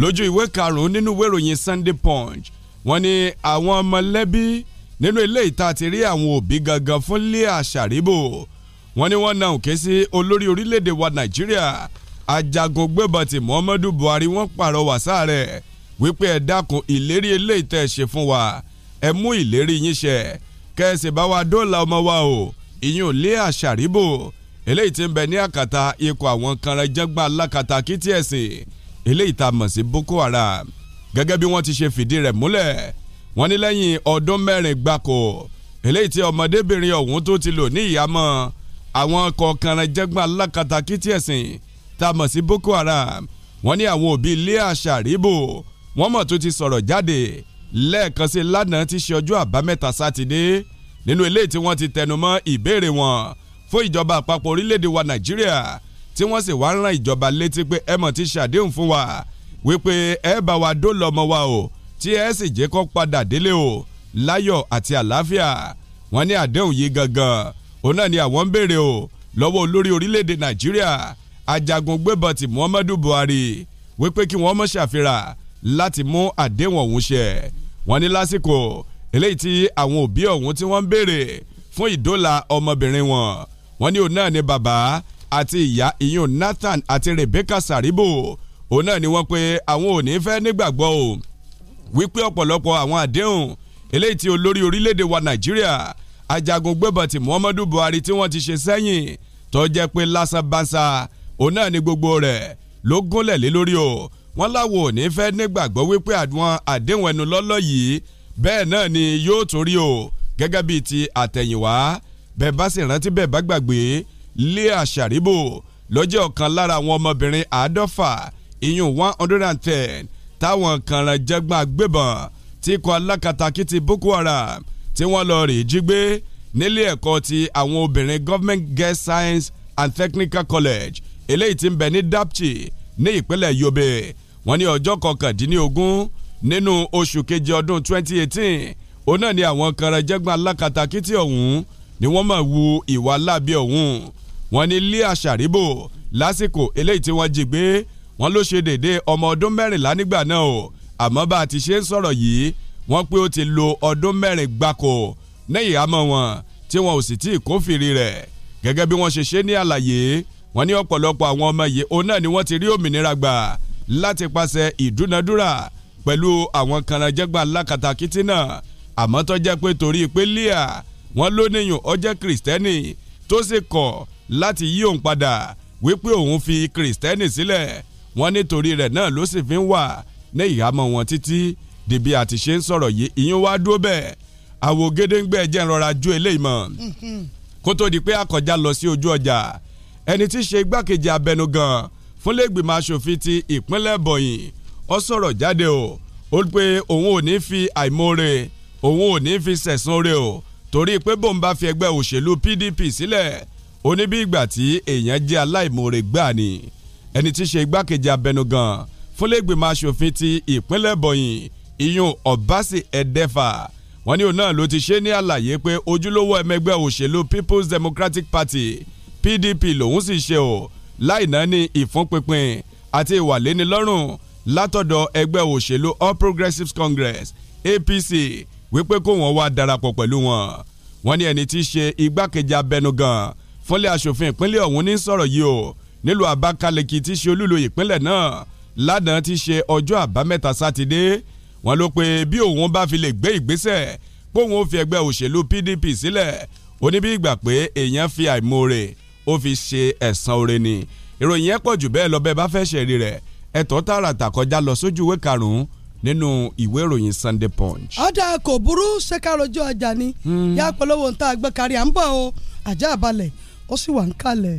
lójú ìwé karùn-ún nínú ìwé ìròyìn Sunday Punch wọ́n ní àwọn mọ̀lẹ́bí nínú ilé ìta ti rí àwọn òbí gangan fún Leah Sharibu wọ́n ní wọ́n na òkè sí olórí orílẹ̀-èdè wa Nàìjíríà ajagun gbébọn ti Muhammadu Buhari wọ́n pàrọwà sáàrẹ̀ wípé ẹ dákun ìlérí eléyìí tẹ́ ẹ ṣe fún wa ẹ mú ìlérí yín ṣẹ kẹ́sì bá wa dóòlà ọmọ wa o ìyún Leah Sharibu eléyìí ti ń bẹ ní àkàtà ikọ̀ àwọn kanra jẹ́gbà alákatà kìtì eléyìí tá mọ̀ sí Boko Haram gẹ́gẹ́ bí wọ́n ti ṣe fìdí rẹ̀ múlẹ̀ wọ́n ní lẹ́yìn ọdún mẹ́rin gbáko eléyìí tí ọmọdébìnrin ọ̀hún tó ti lò ní ìyàmọ́ àwọn kọ̀ọ̀kanrẹ̀ jẹ́gbọ́n alákatakítí ẹ̀sìn tá a mọ̀ sí Boko Haram wọ́n ní àwọn òbí ilé àṣàríbò wọ́n mọ̀ tó ti sọ̀rọ̀ jáde lẹ́ẹ̀kan sí lánàá ti ṣe ọjọ́ àbámẹ́ta sátidé nínú eléyìí tí wọ́n ti tẹnumọ́ ìbéèrè wọn fún ìjọba àpapọ̀ orílẹ̀-èdè wa Nàìjíríà tí wọ́n sì wá ń ran ìjọba létí pé ẹ mọ̀ ti ṣàdéhùn fún wa wípé ẹ bá wa dó lọ́mọ wa o tí ẹ sì jẹ́ kó padà délé o láyọ̀ àti àlàáfíà wọ́n ní àdéhùn yìí gangan òun náà ni àwọn ń béèrè o lọ́wọ́ olórí orílẹ̀-èdè nàìjíríà ajagun gbébọn ti muhammadu buhari wípé kí wọ́n mọ̀ ṣàfihàn láti mú àdéhùn ọ̀hún ṣẹ wọ́n ní lásìkò eléyìí tí àwọn òbí ọ̀hún tí wọ́n ń béèrè fún ìdóòlà ọmọbìnrin wọn wọ́n ní òun náà ni bàbá àti ìyá ìyún nathan àti rebecca Saribu, òun náà ni wọ́n pé àwọn ò fẹ́ nígbàgbọ́ o wípé ọ̀pọ̀lọpọ̀ àwọn àdéhùn eléyìí tí olórí orílẹ̀-èdè wa nàìjíríà ajagun gbébọn ti muhammadu buhari tí wọ́n ti ṣe sẹ́yìn tó jẹ́ pé lásán bánsá òun náà ni gbogbo rẹ̀ ló gúnlẹ̀ lé lórí o wọ́n láwo ò ní fẹ́ nígbàgbọ́ wípé àwọn àdéhùn ẹnu lọ́lọ́ yìí bẹ́ẹ̀ náà ni yóò torí o gẹ́gẹ́ bíi ti àtẹ̀yìnwá bẹ́ẹ̀ bá sì rántí bẹ́ẹ̀ bá gbàgbé Leah Sharibu ló jẹ́ ọ̀kan lára àwọn ọmọbìnrin àádọ́fà iyún one hundred and ten táwọn kànràn jẹgbọn àgbébọn tí ikọ̀ alákatakí ti Boko Haram tí wọ́n lọ rè jí gbé nílé ẹ̀kọ́ ti àwọn obìnrin Government Girls Science and Technical College eléyìí tí ń bẹ ní Dapchi ní ìpínlẹ̀ Yobe wọ́n ní ọjọ́ kọkàndínlógún nínú oṣù keje ọdún 2018 òun náà ni àwọn kànràn jẹgbọn alákatakí tí ọ̀hún ni wọ́n máa wu ìwà lábẹ́ ọ̀hún wọ́n ní lé àṣàríbò lásìkò eléyìí tí wọ́n jí gbé wọ́n ló ṣe dédé ọmọ ọdún mẹ́rìnlá nígbà náà o àmọ́ bá a ti ṣe ń sọ̀rọ̀ yìí wọ́n pé ó ti lo ọdún mẹ́rin gbáko ní ìhámọ́ wọn tí wọn ò sì tí ì kófìrí rẹ̀ gẹ́gẹ́ bí wọ́n ṣe ṣe ní àlàyé wọ́n ní ọ̀pọ̀lọpọ̀ àwọn ọmọ yìí òun náà ni wọ́n ti rí òmìnira gbà láti pàṣẹ ìdúnadúrà pẹ̀lú àwọn kanajẹ́gbà lákatakítí náà àmọ́ tó jẹ́ pé torí pé Líà wọ́n lóníyùn ó jẹ́ kìrìsìtẹ́nì tó sì kọ̀ láti yí òun padà wípé òun fi kìrìsìtẹ́nì sílẹ̀ wọ́n nítorí rẹ̀ náà ló sì fi ń wà ní ìhámọ́ wọn títí di bí ti ṣe ń sọ̀rọ̀ yìí ìyún wá dúró bẹ́ẹ̀ àwo gédéǹgbẹ́ jẹ́ ìrora ju eléyìí mọ́ kó tó di pé àkọjá lọ sí ojú ọjà ẹni tí í ṣe igbákejì abẹnugan fúnlẹ́gbìmọ̀ asòfin ti ìpínlẹ̀ bọ̀yìn ó sọ̀rọ̀ jáde o ó pé òun ò ní fi àìmoore òun ò ní fi sẹ̀sùn rẹ̀ o torí pé bóun bá fi ẹgbẹ́ òṣèlú PDP sílẹ̀ ó ní bí ìgbà tí èèyàn jẹ́ aláìmoore gbáà ni ẹni tí í ṣe igbákejì abẹnugan fúnlẹ́gbẹ̀mọ aṣòfin ti ìpínlẹ̀ bọ̀yìn iyun ọ̀básì ẹ̀dẹ́fà wọ́n ní òun náà ló ti ṣe ní àlàyé pé ojúlówó ẹmẹgbẹ́ òṣèlú People's Democratic Party PDP lòun sì ṣe o láìná ní ìfúnpinpin àti ìwàlénilọ́rùn látọ̀dọ̀ ẹgbẹ́ òṣèlú All Progressives Congress APC wípé kó wọ́n wá darapọ̀ pẹ̀lú wọn wọ́n ní ẹni tí í ṣe igbákejì abẹnugan fúnlẹ̀ asòfin ìpínlẹ̀ ọ̀hún ní sọ̀rọ̀ yìí o nílùú Abakaliki tí ṣe olúlo ìpínlẹ̀ náà ládàá ti ṣe ọjọ́ àbámẹ́ta sátidé wọ́n ló pé bí òun bá fi lè gbé ìgbésẹ̀ póun ó fi ẹgbẹ́ òṣèlú PDP sílẹ̀ ó ní bí ìgbà pé èèyàn fi àìmoore ó fi ṣe ẹ̀san oore ni ìròyìn yẹn pọ̀ jù bẹ́ẹ̀ lọ bẹ́ẹ̀ bá fẹ́ ṣẹ̀rí rẹ̀ ẹ̀tọ́ tààràtà kọjá lọ sójú ìwé karùn-ún nínú ìwé ìròyìn Sunday Punch. ọ̀dà kò burú ṣèkàròjọ ọjà ni hmm. yá polówó ń ta àgbẹ̀kárí à ń bọ̀ o àjà àbalẹ̀ ó sì wà ń kalẹ̀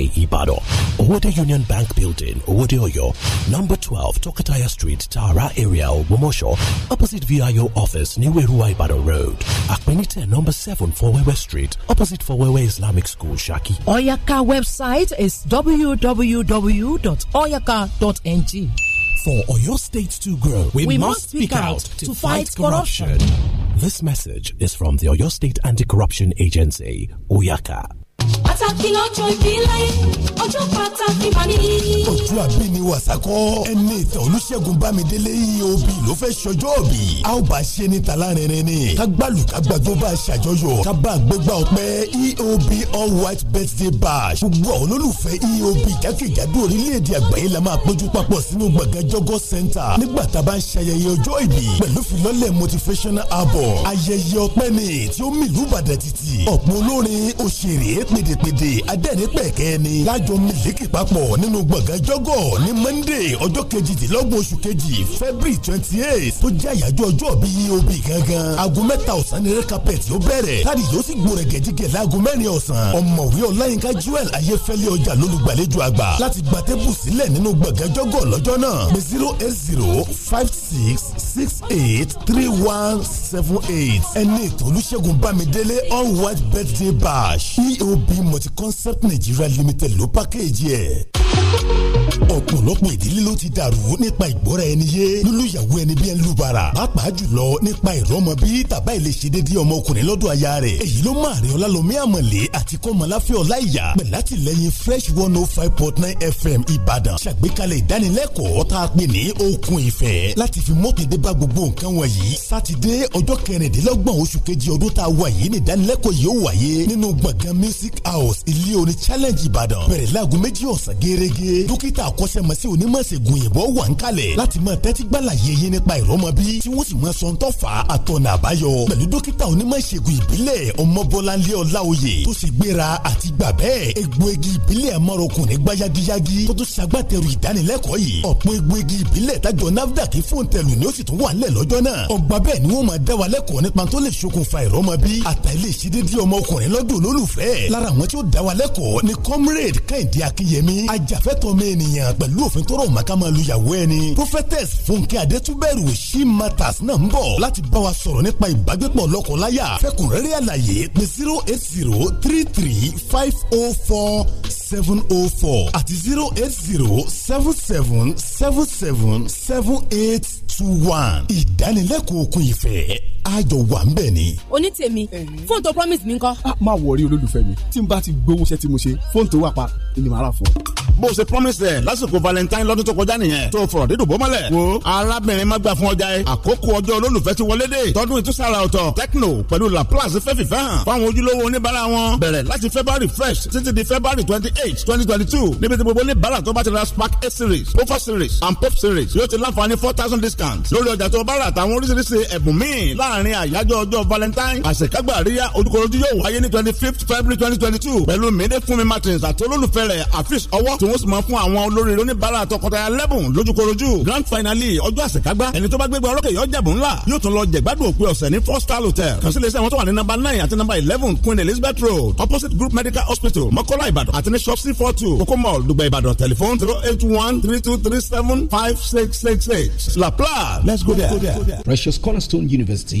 Way, Ibadan. Owode Union Bank Building, Owode Oyo, number 12, Tokataya Street, Tara area, Ogumosho, opposite VIO office, Niwerua Ibadan Road. Akpenite, number 7, Fowewe Street, opposite Fowewe Islamic School, Shaki. Oyaka website is www.oyaka.ng. For Oyo State to grow, we, we must speak out to, to fight, fight corruption. corruption. This message is from the Oyo State Anti Corruption Agency, Oyaka. pàtàkì lọ́jọ́ ìbílẹ̀ ọjọ́ pàtàkì mà ní. ọjọ́ àbí ni wàsákọ́ ẹni ìtàn olùṣègùn bámidélé eob ló fẹ́ ṣọjọ́ òbí a ó bá ṣe ní talárinrin ni kágbálù kágbàgbó bá ṣàjọyọ̀ kábà gbégbá ọpẹ́ eob all white birthday bash gbogbo àwọn olólùfẹ́ eob jákèjádò orílẹ̀-èdè àgbáyé la máa péjú papọ̀ sínú gbọ̀ngàn jọgọ́ center nígbà tá a bá ń ṣayẹyẹ ọjọ́ ìbí pẹ̀lú filọ́lẹ̀ motivational album ayẹyẹ ọpẹ́ ni tí ó mìlú bàdàn títì ọ̀pọ̀ olórin pèdèpèdè adẹ́rẹ́pẹ̀kẹ́ ni lájọ mílíkì papọ̀ nínú gbọ̀ngàn jọ́gọ̀ ní monday ọjọ́ kejìdínlọ́gbọ̀n oṣù kejì february twenty eight tó jẹ́ àyájọ́ ọjọ́ bí obì gangan aago mẹ́ta ọ̀sán ni red carpet yóò bẹ̀rẹ̀ káàdì yóò sì gbòòrè gẹ̀dígẹ̀ láago mẹ́rin ọ̀sán ọ̀mọ̀wé ọláyínká joel ayéfẹ́lẹ́ ọjà lólùgbàlejò àgbà láti gba tébù sílẹ̀ nínú gbọ̀ngàn jọ́gọ̀ lọ́jọ́ náà pé zero eight zero five six six eight three one seven eight ẹni ètò olùṣègùn bámidélé all white birthday bash eob multi concept nigeria limited ló pákéjì ẹ̀ ọ̀pọ̀lọpọ̀ ìdílé ló ti dàrú nípa ìgbọ́ra ẹni yé lólùyàwó ẹni bí ẹni lùbàrà pàápàá jùlọ nípa ìrọmọ bí tàbá ilé ṣe déédéé ọmọkùnrin lọ́dọ̀ aya rẹ̀ èyí ló máa rí ọlálọ́mí àmọ̀lé àti kọ́mọláfẹ́ ọláìyá pẹ̀látìlẹ́yìn fresh one oh five point nine fm ìbàdàn ṣàgbékalẹ̀ ìdánilẹ́kọ̀ọ́ tá a pè ní okun ìfẹ́ láti fi mọ́tòdé bá a wà yìí ní ìdánilẹ́kọ̀ọ́ yóò akọ́ṣẹ́mọṣẹ́ onímọ̀ ṣègùn òyìnbó wà ń kalẹ̀ láti máa tẹ́tí gbàlàyé yín nípa ìrọmọbí tí wọ́n sì máa sọ ń tọ́fà àtọ̀nà àbáyọ pẹ̀lú dókítà onímọ̀ ìbílẹ̀ ọmọbọ́láńlé ọláoyè tó sì gbéra àti gbà bẹ́ẹ̀ egbòogi ìbílẹ̀ amọ́rokùn ní gbáyagíyágí tó tún ṣagbátẹrù ìdánilẹ́kọ̀ọ́ yìí ọ̀pọ̀ egbòogi ìbílẹ̀ tájọ ìlànà pẹ̀lú òfin tó rọ̀ mọ́ ká máa lu ìyàwó ẹni. prophetess fúnkẹ́ adétúbẹ̀rù she matters náà ń bọ̀ láti bá wa sọ̀rọ̀ nípa ìbágbépọ̀ lọ́kọ̀láyà fẹ́kùnrẹ́rẹ́ àlàyé pé zero eight zero three three five oh four seven oh four àti zero eight zero seven seven seven seven seven eight two one ìdánilẹ́kọ̀ọ́ òkun ìfẹ́ ayọ̀ wà ń bẹ̀ ni. oní tèmi fóònù tó promise mi ń kọ́. a ah, máa wọrí olólùfẹ́ mi tí n bá ti gbowó iṣẹ́ tí mo ṣe fóònù tó wà pa ni màá rà fún ọ. bó o ṣe promise ẹ lásìkò valentine lọ́dún tó kọjá nìyẹn tó fọ̀rọ̀ dídùn bó mọ́lẹ̀. wo arábìnrin má gbà fún ọjà yẹn àkókò ọjọ́ olólùfẹ́ ti wọlé dé tọdún ìtúsára ọ̀tọ̀ tecno pẹ̀lú laplace fẹ́ fìfẹ́ hàn fáwọn ojúlówó oníbàárà wọn bẹ̀rẹ̀ láti february fresh títí di february twenty eight twenty twenty two níbi tí gbogbo oníbàárà tó bá ti ra spark eight series pofa series and pop series yóò ti láǹfààní four thousand discount lórí ọjà tó bá rà àtàwọn oríṣiríṣi ẹ̀bùn míì láà láàrin àyájọ́ ọjọ́ valentine àṣekágbà àríyá olùkọ́rọ́jú yóò wáyé ní twenty fifth february twenty twenty two pẹ̀lú mèdè fúnmi martins àti olólùfẹ́ rẹ̀ afis ọwọ́ tí wọ́n sì máa fún àwọn olórí oníbàárà tọkọtaya lẹ́bùn lójúkorojú grand finale ọjọ́ àṣekágbá ẹni tó bá gbégbá ọlọ́kẹ́ yọ jẹ̀bù ńlá yóò tún lọ jẹ̀gbádùn òpin ọ̀sẹ̀ ní four star hotel kàn sí iléeṣẹ́ wọn tó wà ní number nine àti number eleven queen elizabeth road opposite group medical hospital mọ́kọ́lá ìbàdàn àti ní shop c four two kókó mall dùgbẹ́ ìbàdàn telephone zero eight one three two three seven five six six six la pla let's go there. precious cornerstone university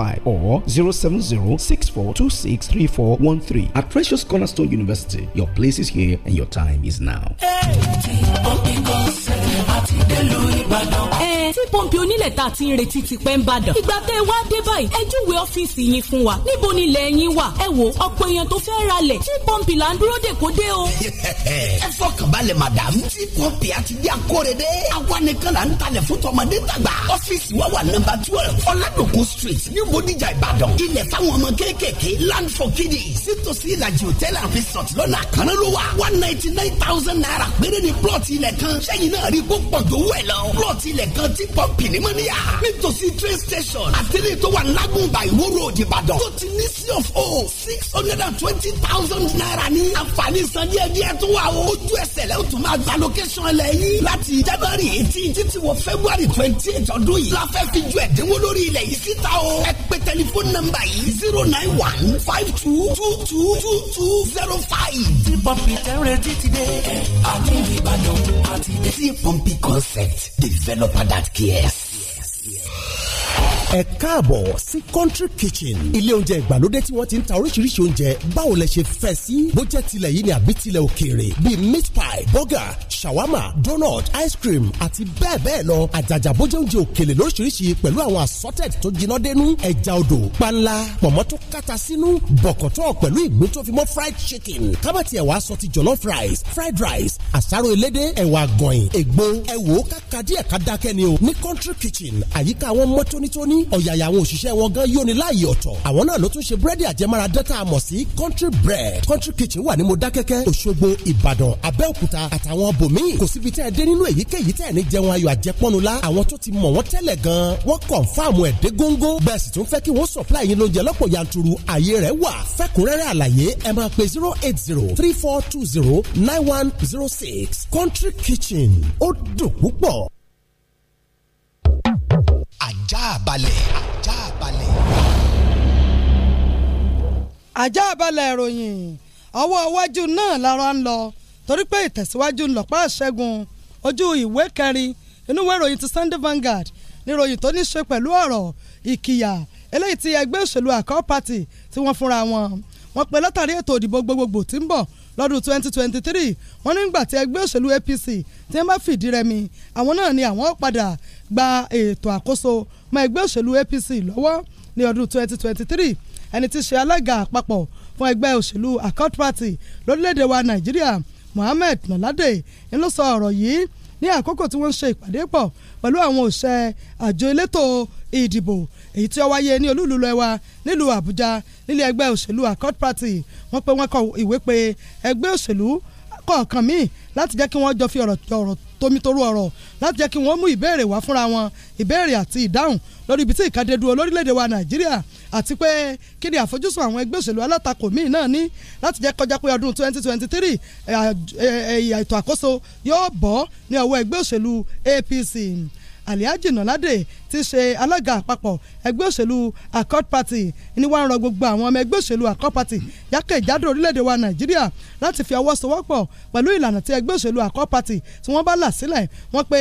5 or zero seven zero six four two six three four one three At Precious Cornerstone University, your place is here and your time is now. Hey. pẹ́ tí pọ́ǹpì onílẹ̀ ta ti ń retí ti pẹ́ ń bàdàn. ìgbà tẹ́ ẹ wá dé báyìí ẹ júwe ọ́fíìsì yín fún wa níbo ni ilẹ̀ yín wà ẹ wò ọ̀pọ̀ èèyàn tó fẹ́ ra lẹ̀ tí pọ́ǹpì là ń dúró dè kó dé o. ẹ fọkàn balẹ̀ madam tí pọ́ǹpì àti bí akóredé àwa nìkan là ń talẹ̀ fún tọmọdé tàgbà ọ́fíìsì wa wà nọ́mbà twelve ọ̀làdòkun street ní bodijà land for kiddies sítòsí ìlàjì hotel and resort lọ́nà àkànná ló one ninety nine thousand naira péré ni plọ̀tì ilẹ̀ kan sẹ́yìn náà rí kó tí pọ́ǹpì ní mọ́níyà nítòsí train station àtẹ̀lé tó wà lágùnbà ìwó road ìbàdàn tó ti ní sí of o six hundred and twenty thousand naira ní àǹfààní san díẹ̀ díẹ̀ tó wà o ojú ẹsẹ̀ lẹ́yìn tó máa gba location ẹlẹ́ yìí láti january eighteen títí wọ february twenty eight ọdún yìí la fẹ́ fi ju ẹ̀dínwó lórí ilẹ̀ yìí síta o ẹ pè tẹlifóònù nọ́mbà yìí zero nine one five two two two two two zero five. tí pọ́ǹpì tẹ́ ń retí ti dé àti ìbàdàn àti dé. K pumping concept developer that cares. ẹ káàbọ̀ sí country kitchen ilé oúnjẹ ìgbàlódé tí wọ́n ti ń ta oríṣiríṣi oúnjẹ báwo lẹ ṣe fẹ́ sí bó jẹ́ tilẹ̀ yìí ni àbí tilẹ̀ òkèèrè bíi meat pie burger ṣàwámà donut ice cream àti bẹ́ẹ̀ bẹ́ẹ̀ lọ àjàjà bójú oúnjẹ òkèlè lóríṣiríṣi pẹ̀lú àwọn assorted tó jiná dénú ẹja odò panla pọ̀mọ́ tó kàtà sínú bọ̀kọ̀tọ̀ pẹ̀lú ìgbín tó fi mọ́ fried chicken kábàtì ẹ̀wà aṣọ ti jollof rice fried rice àsáró elédè ẹ̀wà gọ̀yìn ègbò ẹ̀wò kákadí ẹ̀ka dákẹ́ ni o ní country kitchen àyíká àwọn mọ́ tónítóní ọ̀yàyà àwọn òṣìṣẹ́ wọn gan yóni láàyè ọ̀tọ̀ àwọn náà ló tún ṣe búrẹ́dì àjẹmára dẹ́ta àmọ̀ sí country bread country kitchen wà ní Modákẹ́kẹ́ Òṣogbo Ìbàdàn Abẹ́òkúta àtàwọn bòm ẹlòmíì kò síbi tẹ́ ẹ dé nínú èyíkéyìí tẹ́ ẹ ní jẹun ayọ̀ àjẹpọ́nu la àwọn tó ti mọ̀ wọ́n tẹ́lẹ̀ gan wọ́n kọ̀ǹfàmù ẹ̀ dé góńgó bẹ́ẹ̀ sì tún fẹ́ kí wọ́n supply yín lóúnjẹ lọ́pọ̀ yanturu ààyè rẹ̀ wà fẹ́kúnrẹ́rẹ́ àlàyé ẹ máa pe zero eight zero three four two zero nine one zero six country kitchen ó dùn púpọ̀. ajá balẹ̀ ajá balẹ̀. ajá balẹ̀ ìròyìn ọwọ́ iwájú náà lára ń lọ torí pé ìtẹ̀síwájú ńlọ́pọ̀ ṣẹ́gun ojú ìwé kẹrin inú ìwé ìròyìn ti Sunday Vanguard ní ìròyìn tó ní ṣe pẹ̀lú ọ̀rọ̀ ìkìyà eléyìí ti ẹgbẹ́ òṣèlú Accord Party tí wọ́n fúnra wọn wọ́n pe látàrí ètò òdìbò gbogbogbò tí ń bọ̀ lọ́dún 2023 wọ́n nígbà tí ẹgbẹ́ òṣèlú APC tí wọ́n bá fìdí rẹmi àwọn náà ni àwọn padà gba ètò àkóso mọ ẹgbẹ́ òṣèlú APC lọ́wọ́ ní ọdún 2023 ẹni tí ṣe alága àpapọ̀ fún ẹgbẹ́ òṣèlú Accord Party lórílẹ̀‐èdè wa Nàìjíríà Mohammed Nolade ń ló sọ ọ̀rọ̀ yìí ní àkókò tí wọ́n ń ṣe ìpàdé pọ̀ pẹ̀lú àwọn òṣẹ́ àjọ elétò ìdìbò èyí tí ó wáyé ní olúùlú lẹ́wà nílùú Àbújá nílé ẹgbẹ́ òṣèlú Accord Party wọ́n pé wọ́n kọ ìwé pé ẹgbẹ́ òṣèlú kọ̀ọ̀kan míì láti jẹ́ kí wọ́n jọ fi ọ̀rọ̀ tómi torú ọ̀rọ̀ láti jẹ́ kí wọ́n mú ìbéèrè wá fúnra wọn ìbéèrè àti ìdáhùn lórí ibi tí ìkadé dúró lórílẹ̀‐èdè wa nàìjíríà àti pé kí ni àfojúsùn àwọn ẹgbẹ́ òṣèlú alátakò míì náà ní láti jẹ́ kọjá pé ọdún 2023 ẹ̀yà ètò àkóso yóò bọ́ ní ọwọ́ ẹgbẹ́ òṣèlú APC Alhaji Nolade tí í ṣe alága àpapọ̀ ẹgbẹ́ òṣèlú accord party ni wọ́n ń rọ gbogbo àwọn ọmọ ẹgbẹ́ òṣèlú accord party jákèjádò orílẹ̀-èdè wa nàìjíríà láti fi ọwọ́ sowọ́pọ̀ pẹ̀lú ìlànà tí ẹgbẹ́ òṣèlú accord party tí wọ́n bá là sílẹ̀ wọ́n pe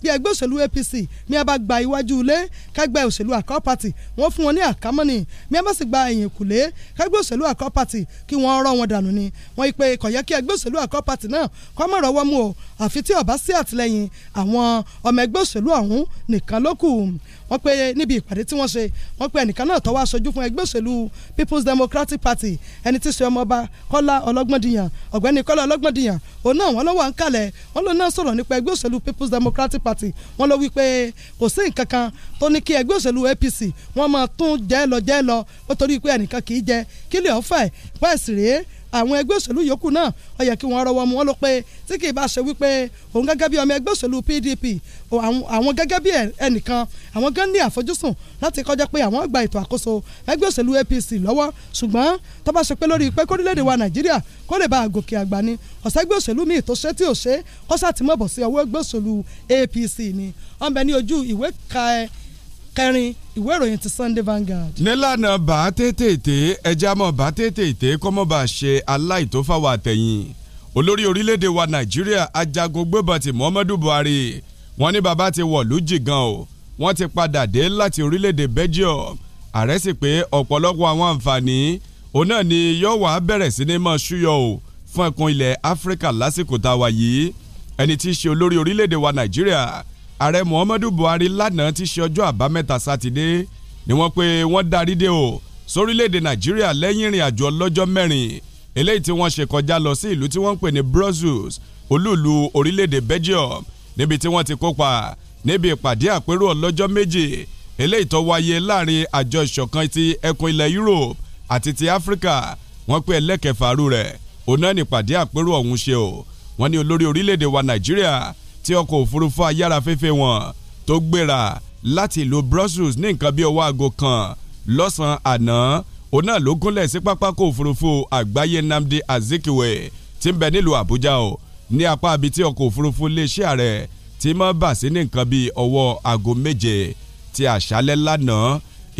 bí ẹgbẹ́ òṣèlú apc mi a bá gba iwájú ilé kẹgbẹ́ òṣèlú accord party wọ́n fún wọn ní àkámọ́ni mi a bá sì gba ẹ̀yìn kùlé kẹgbẹ́ òṣèlú accord party kí wọ́n rọ́ wọn dànù ni wọ́n pe kò yẹ kí ẹgbẹ́ òṣèlú accord party náà kọ́ mọ̀rọ̀ wọ́n mú o àfi tí ó bá sí àtìlẹ́yìn àwọn ọmọ ẹgbẹ́ òṣèlú ọ̀hún nìkan ló wọ́n pé níbi ìpàdé tí wọ́n ṣe wọ́n pé ẹnìkan náà tó aṣojú fún ẹgbẹ́ òṣèlú People's Democratic Party ẹni tí ṣe ọmọọba Kọ́lá Ọlọ́gbọ́ndìyàn ọ̀gbẹ́ni Kọ́lá Ọlọ́gbọ́ndìyàn òun náà wọ́n ló wà ń kalẹ̀ wọ́n ló náà sọ̀rọ̀ nípa ẹgbẹ́ òṣèlú People's Democratic Party wọ́n ló wí pé kò sí nǹkan kan tó ní kí ẹgbẹ́ òṣèlú APC wọ́n máa tún jẹ́ lọ jẹ́ lọ ó torí pé ẹnìkan kì í jẹ kílẹ̀ ọ̀fẹ́ pẹ́ẹ́sì rèé àwọn ẹgbẹ́ òṣèlú yòókù náà ó yẹ kí wọ́n rọwọ́ mu wọ́n ló pé tí kì í bá ṣe wípé òun gẹ́gẹ́ bí ọmọ ẹgbẹ́ òṣèlú PDP àwọn gẹ́gẹ́ bí ẹnìkan àwọn gan ní àfojúsùn láti kọjá pé àwọn gba ètò àkóso ẹgbẹ́ òṣèlú APC lọ́wọ́ ṣùgbọ́n tó bá ṣe pé lórí pé kórílẹ̀-èdè wa Nàìjíríà kó lè bá àgòkè àgbà ni ọ̀sẹ̀ ẹgbẹ́ òṣèlú míì tó ṣe tí ò ṣe kọ́sà sí ọwọ́ ẹgbẹ́ òṣèlú APC ni ọ̀nbẹ ní ojú ìwé ka ẹ kẹrin ìwé ìròyìn ti Sunday Vanguard. nílànà bá tètè ẹja mọ̀ bá tètè kọ́mọ́ bá ṣe aláìtófáwọ̀ àtẹ̀yìn olórí orílẹ̀-èdè wa Nàìjíríà ajagun gbébọn ti Muhammadu Buhari wọ́n ní bàbá ti wọ̀ lójì gan o wọ́n ti padà dé láti orílẹ̀-èdè Belgium ààrẹ sì pé ọ̀pọ̀lọpọ̀ àwọn àǹfààní òun náà ni yóò wá bẹ̀rẹ̀ sí ní mọ̀ ṣúyọ o fún ẹkùn ilẹ̀ Áfíríkà lásìkò tá a wà yìí ẹni tí í ṣe olórí orílẹ̀-èdè wa Nàìjíríà ààrẹ muhammadu buhari lánàá ti ṣe ọjọ́ àbámẹ́ta sátidé ni wọ́n pé wọ́n darí dé o sórílẹ̀‐èdè nàìjíríà lẹ́yìn ìrìn àjò ọlọ́jọ́ mẹ́rin eléyìí tí wọ́n ṣe kọjá lọ sí ìlú tí wọ́n ń pè ní brussels olúùlú orílẹ̀‐èdè belgium níbi tí wọ́n ti kópa níbi ìpàdé àpérò ọlọ́jọ́ méjì eléyìí tó wáyé láàrin àjọ ìṣọ̀kan ti ẹkùn ilẹ̀ europe àti ti africa wọ́n pé ẹlẹ́kẹ̀fà rú rẹ̀ òun náà nípàdé àpérò ọ̀hún ṣe o wọ́n ní olórí orílẹ̀‐èdè wa nàìjíríà tí ọkọ̀ òfurufú ayárafẹ́fẹ́ wọn tó gbéra láti ìlú Brussels ní nǹkan bí ọwọ́ aago kan lọ́sàn-án àná òun náà ló gúnlẹ̀ sí pápákọ̀ òfurufú àgbáyé Nnamdi Azikiwe tí ń bẹ nílùú Àbújá o ní apá ibi tí ọkọ̀ òfurufú iléeṣẹ́ rẹ̀ tí mọ́ bà sí ní nǹkan bí ọwọ́ aago méje ti àṣálẹ́ lánàá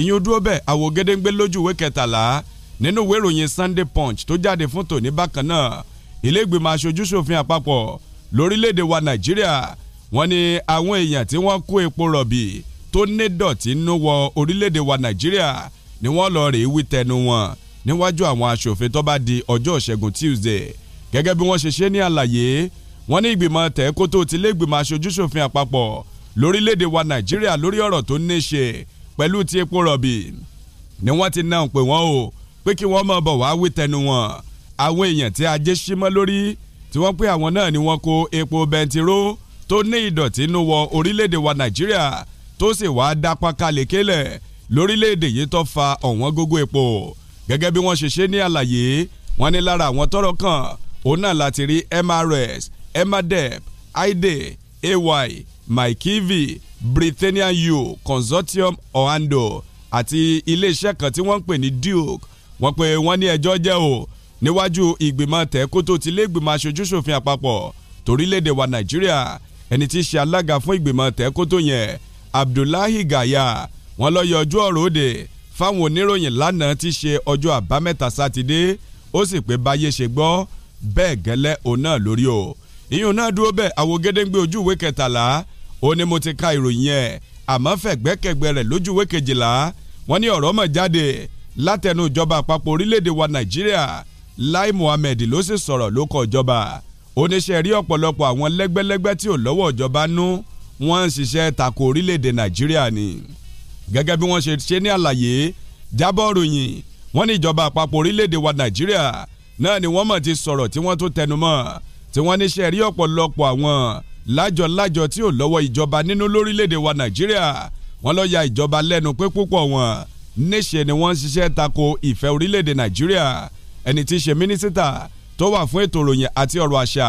ìyún dúró bẹ́ẹ̀ àwògedengbe lójú ìwé kẹtàlá nínú ìwé ìròyìn Sunday Punch tó jáde fún tòní bákan náà ilé ìgbìmọ̀ aṣojú ṣòfin àpapọ̀ lórílẹ̀‐èdè wa nàìjíríà wọ́n ní àwọn èèyàn tí wọ́n kó epo rọ̀bì tó ní dọ̀tí nú wọ orílẹ̀‐èdè wa nàìjíríà ni wọ́n lọ rèé wí tẹnu wọn níwájú àwọn aṣòfin tó bá di ọjọ́ ìṣẹ́gun Tuesday gẹ́gẹ́ bí wọ́n ṣe ṣe ní àlàyé wọ́n ní ìgbìmọ̀ tẹ̀kótó tilé ìgbìmọ̀ aṣojúṣòfin àpapọ̀ lórílẹ̀‐èdè wa nàìjíríà lórí ọ̀rọ̀ tó ní ṣe pẹ̀lú ti epo rọ̀bì ni wọ́n ti náà pè wọ́n o pé kí wọ́n máa bọ̀ wá wí tẹnu wọn àwọn èèyàn tí ajé símọ́ lórí tí wọ́n pé àwọn náà ni wọ́n kó epo bẹntiró tó ní ìdọ̀tí inú wọ orílẹ̀-èdè wa nàìjíríà tó sì wáá dápá kalẹ̀kẹ́lẹ̀ lórílẹ̀-èdè yìí tó fa ọ̀wọ́n gógó epo gẹ́gẹ́ bí wọ́n ṣe ṣe ní àlàyé wọ́n ní lára àwọn tọ́rọ̀ kàn òun náà láti rí MRS emadep aide ay mykivi Britannia U Consortium Oando àti iléeṣẹ́ kan tí wọ́n ń pè ní Duke wọ́n pé wọ́n ní ẹjọ́ jẹ́ o níwájú ìgbìmọ̀ tẹ̀kótó ti lẹ́gbìmọ̀ aṣojúṣòfin àpapọ̀ torílẹ̀-èdè wa nàìjíríà ẹni tí í ṣe alága fún ìgbìmọ̀ tẹ̀kótó yẹn abdullahi gaya wọn lọ yọjú ọ̀rọ̀ òde fáwọn oníròyìn lánàá ti ṣe ọjọ́ àbámẹ́ta sátidé ó sì pé báyé ṣe gbọ́ bẹ́ẹ̀ gẹ́lẹ́ òun náà lórí o ìyún náà dúró bẹ́ẹ̀ àwògedengbe ojú ìwé kẹtàlá ó ní mo ti ka ìròyìn yẹn àmọ́ fẹ̀gbẹ́kẹ̀gbẹ́ rẹ̀ lójú ìwé kejìlá wọ́n ní ọ̀rọ̀ mọ̀ jáde látẹnu ìjọba àpapọ̀ orílẹ̀-èdè wa nàìjíríà Lai Muhammed ló sì sọ̀rọ̀ ló kọ ìjọba oníṣẹ́ rí ọ̀pọ̀lọpọ̀ àwọn lẹ́gbẹ́lẹ́gbẹ́ tí ò lọ́wọ́ ìjọba nú wọ́n ń ṣiṣẹ́ tako orílẹ̀-èdè Nàìjíríà ni gẹ́gẹ́ bí wọ́n ṣe ṣe ní àlàyé jábọ̀ ròyìn wọ́n ní ìjọba àpapọ̀ orílẹ̀-èdè wa Nàìjíríà náà ni wọ́n mọ̀ ti sọ̀rọ̀ tí wọ́n tún tẹnumọ́ tí wọ́n níṣẹ́ rí ọ̀pọ̀lọpọ̀ àwọn lájọ-lájọ tí ò lọ́wọ́ ìjọba nínú lórílẹ̀‐èdè wa Nàìjíríà wọ́n lọ ya ìjọba lẹ́nu pé púpọ̀ wọn níṣẹ́ ni wọ́n ń ṣiṣẹ́ tako ìfẹ́ orílẹ̀‐èdè Nàìjíríà ẹni tí í ṣe mínísítà tó wà fún ètò ìròyìn àti ọ̀rọ̀ àṣà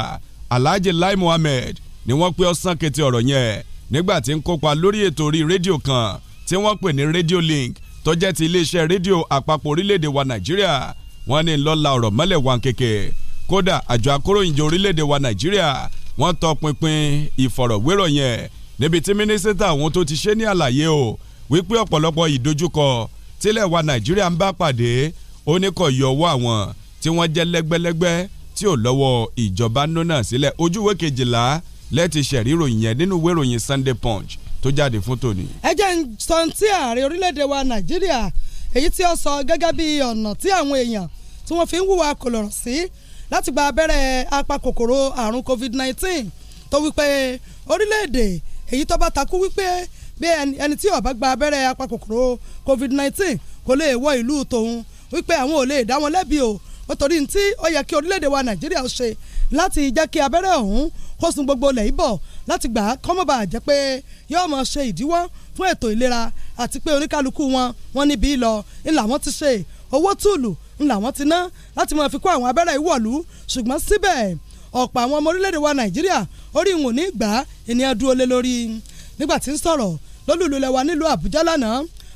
Alhaji Lai Muhammed ni wọ́n pé ọ̀sán kété ọ̀rọ̀ yẹn nígbà tí ń kópa lórí ètò orí rédíò kan tí wọ́n pè ní Radio Link tó jẹ́ ti iléeṣẹ́ rédíò àpapọ̀ orílẹ̀-èdè wa Nàìjíríà wọ́n ní lọ́la ọ̀rọ̀ mọ́lẹ̀ wọn kéke kódà àjọ akóròyìnjọ orílẹ̀-èdè wa Nàìjíríà wọ́n tọpinpin ìfọ̀rọ̀wérọ̀ yẹn níbi tí mínísítà òun tó ti ṣe ní àlàyé o wípé ọ̀pọ̀lọpọ̀ ìdojúkọ tílẹ̀ wa Nàìjíríà ń bá pàdé ó ní kó yọ ọwọ́ àwọn tí wọ́n jẹ́ lẹ́gbẹ́lẹ́gbẹ́ tí ò lọ́wọ́ ìjọba nọ́nà sílẹ̀ ojúwé kejìlá lẹ́ẹ̀tì sẹ̀rí ìròyìn yẹn nínú ìwé ìròyìn Sunday Punch tó jáde fún tòní. ẹ jẹ́ ń sọ tí ààrẹ orílẹ̀-èdè wa Nàìjíríà èyí tí ó sọ gẹ́gẹ́ bí ọ̀nà tí àwọn èèyàn tí wọ́n fi ń hùwà kòlọ̀rọ̀ sí láti gba abẹ́rẹ́ apakòkòrò àrùn COVID-19 tó wípé orílẹ̀-èdè èyí tó bá takú wípé bí ẹni tí ó gba abẹ́rẹ́ apakòkòrò COVID-19 kò lè wọ ìlú tòun wípé àwọn ò lè dá wọn lẹ́bi o nítorí tí ó yẹ kí orílẹ̀-èdè wa nàìjíríà ṣe láti jẹ́ kí abẹ́rẹ́ ọ̀hún kó sun gbogbo ilẹ̀ ibọ̀ láti gbà á kọ́mọ́bà jẹ́ pé yóò mọ̀ ṣe ìdíwọ́ fún ètò ìlera àti pé oníkálukú wọn wọn níbi lọ ńlá wọn ti ṣe owó túùlù ńlá wọn ti ná láti máa fi kó àwọn abẹ́rẹ́ ìwọ̀lú ṣùgbọ́n síbẹ̀ ọ̀pọ̀ àwọn ọmọ orílẹ̀-èdè wa nàìjíríà orí wọn ò ní gbà ènìyàn dúró lé lórí nígbà tí ń sọ̀rọ̀ lólùlù lẹ̀ wa nílùú àbújá lánàá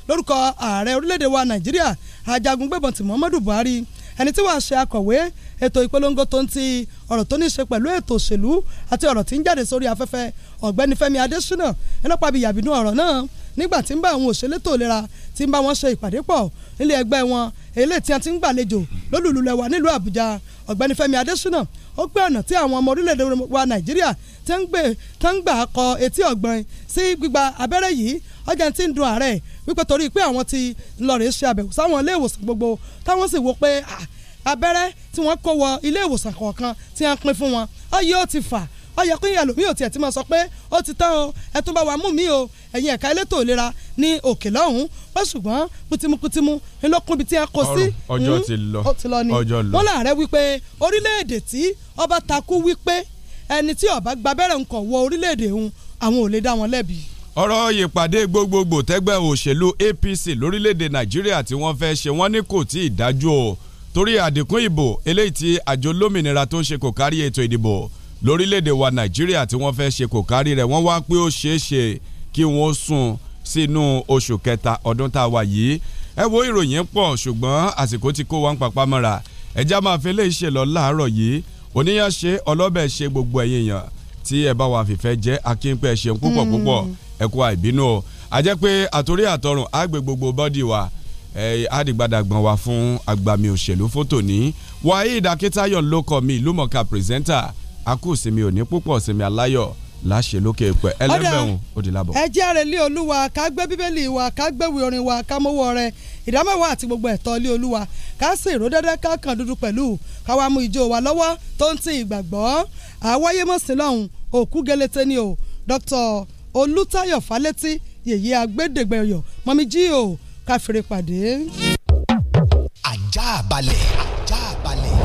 lórúkọ ààrẹ orílẹ̀-èdè wa nàìjíríà ajagun gbébọn ti Muhammadu Buhari ẹni tí wàá ṣe akọ̀wé ètò ìpolongo tó ń ti ọ̀rọ̀ tó ní ṣe pẹ̀lú ètò òṣèlú àti ọ̀rọ̀ tí ń jáde sórí afẹ́fẹ́ ọ̀gbẹ́ni Fẹ́mi Adésínà ẹlọ́pàá bíi yàbínú ọ̀rọ̀ náà nígbà tí ń bá àwọn òṣèlétò ìlera tí ń bá wọn ṣe ìpàdé pọ̀ nílé ẹgbẹ́ wọn èlé tí a ti ń gbàlejò lólùlù lẹ́wà nílùú Àbújá ọ̀gbẹ́ni Fẹ́mi Adésínà ó gbé ọ̀nà tí àwọn ọmọ orílẹ̀-èdè wa Nàìjíríà tán ń gbà kọ etí ọ̀gbìn sí gbígba abẹ́rẹ́ yìí ọjà dun ààrẹ wípé torí pé àwọn ti lọ́ọ̀rẹ́ ṣe àbẹ̀wò sáwọn ilé ìwòsàn gbogbo táwọn sì wo pé abẹ́rẹ́ tí wọ́n kó wọ ilé ìwòsàn kọ̀ọ̀kan tí wọ́n pín fún wọn ọyẹ́ ó ti fà ó yẹ kó yẹn lòmíì ò tiẹ̀ ti máa sọ pé ó ti tán o ẹ tún bá wa mú mi o ẹ̀yin ẹ̀ka elétò ìlera ní òkè lọ́hùn-ún ṣùgbọ́n kùtìmùkùtìmù ńlọ́kùn ibi tí a kọ sí ọjọ́ hmm, ti lọ ọjọ́ lọ ni wọ́n láàrẹ wípé orílẹ̀-èdè tí ọba takú wípé ẹni tí ọba gbabẹ́rẹ́ ńkọ̀ wọ orílẹ̀-èdè òun àwọn ò lè dá wọn lẹ́bi ọ̀rọ̀ ìpàdé gbogbogbò tẹ́gbẹ́ òṣèlú APC lórílẹ̀‐èdè Nàìjíríà tí wọ́n fẹ́ ṣe wọ́n ní kò tí ì dájú o torí àdínkù ìbò eléyìí tí àjọ lómìnira tó ń ṣe kò kárí ètò ìdìbò lórílẹ̀‐èdè wa Nàìjíríà tí wọ́n fẹ́ ṣe kò kárí rẹ̀ wọ́n wá pé ó ṣeé ṣe kí wọ́n sún sínú oṣù kẹta ọdún tá a wà yìí ẹ wo ìròyìn pọ̀ ṣùgbọ́n àsìkò ti kó wa ń papá mọ́ra ẹja máa fi lè ṣe lọ láàárọ̀ yìí oníyànṣe ọlọ́bẹ̀ ṣe gbogbo ẹ̀yìn yàn tí ẹ bá wà fìfẹ́ jẹ́ akínpẹ́ ṣeun púpọ̀ púpọ̀. Mm ẹ̀kú àìbínú o àjẹ́ pé àtòrí àtọrùn àgbè gbogbo bọ́dì wa àdìgbàdàgbọ̀n wa fún agbami òṣèlú fótó ní Waheed Akitayo lókọ mi ìlúmọ̀ọ́ká pírẹsẹ́ńtà akúùsinmi òní púpọ̀ sinmi aláyọ̀ láṣẹ lókè pẹ ẹlẹgbẹrún òdì ẹ jẹ́ àrẹ̀lẹ̀ olúwa ká gbé bíbélì wa ká gbéwì orin wa ká mọ́wọ́ rẹ ìdámẹ́wàá àti gbogbo ẹ̀tọ́ ilé olúwa ká sì ró ká kàn dúdú pẹ̀lú ká wàá mú ijó wa lọ́wọ́ tó ń ti ìgbàgbọ́ àwáyé mọ̀sí òkú gẹlẹ́tẹ́ o Dr olùtayọ̀ falẹ́tí yèyé agbẹ́dẹ́gbẹ́yọ̀ mọ̀mí jí o káfíńrẹ́ pàdé. ajá balẹ̀ ajá balẹ̀.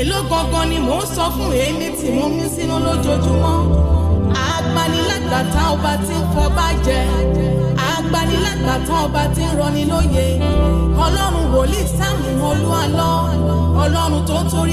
èló gangan ni mò ń sọ fún èémí tí mo mí sínú lójoojúmọ́ agbanilágbàtà ọba tí ń fọba jẹ agbanilágbàtà ọba tí ń rọni lóye ọlọ́run wòlíì sáàmù olúwa lọ ọlọ́run tó torí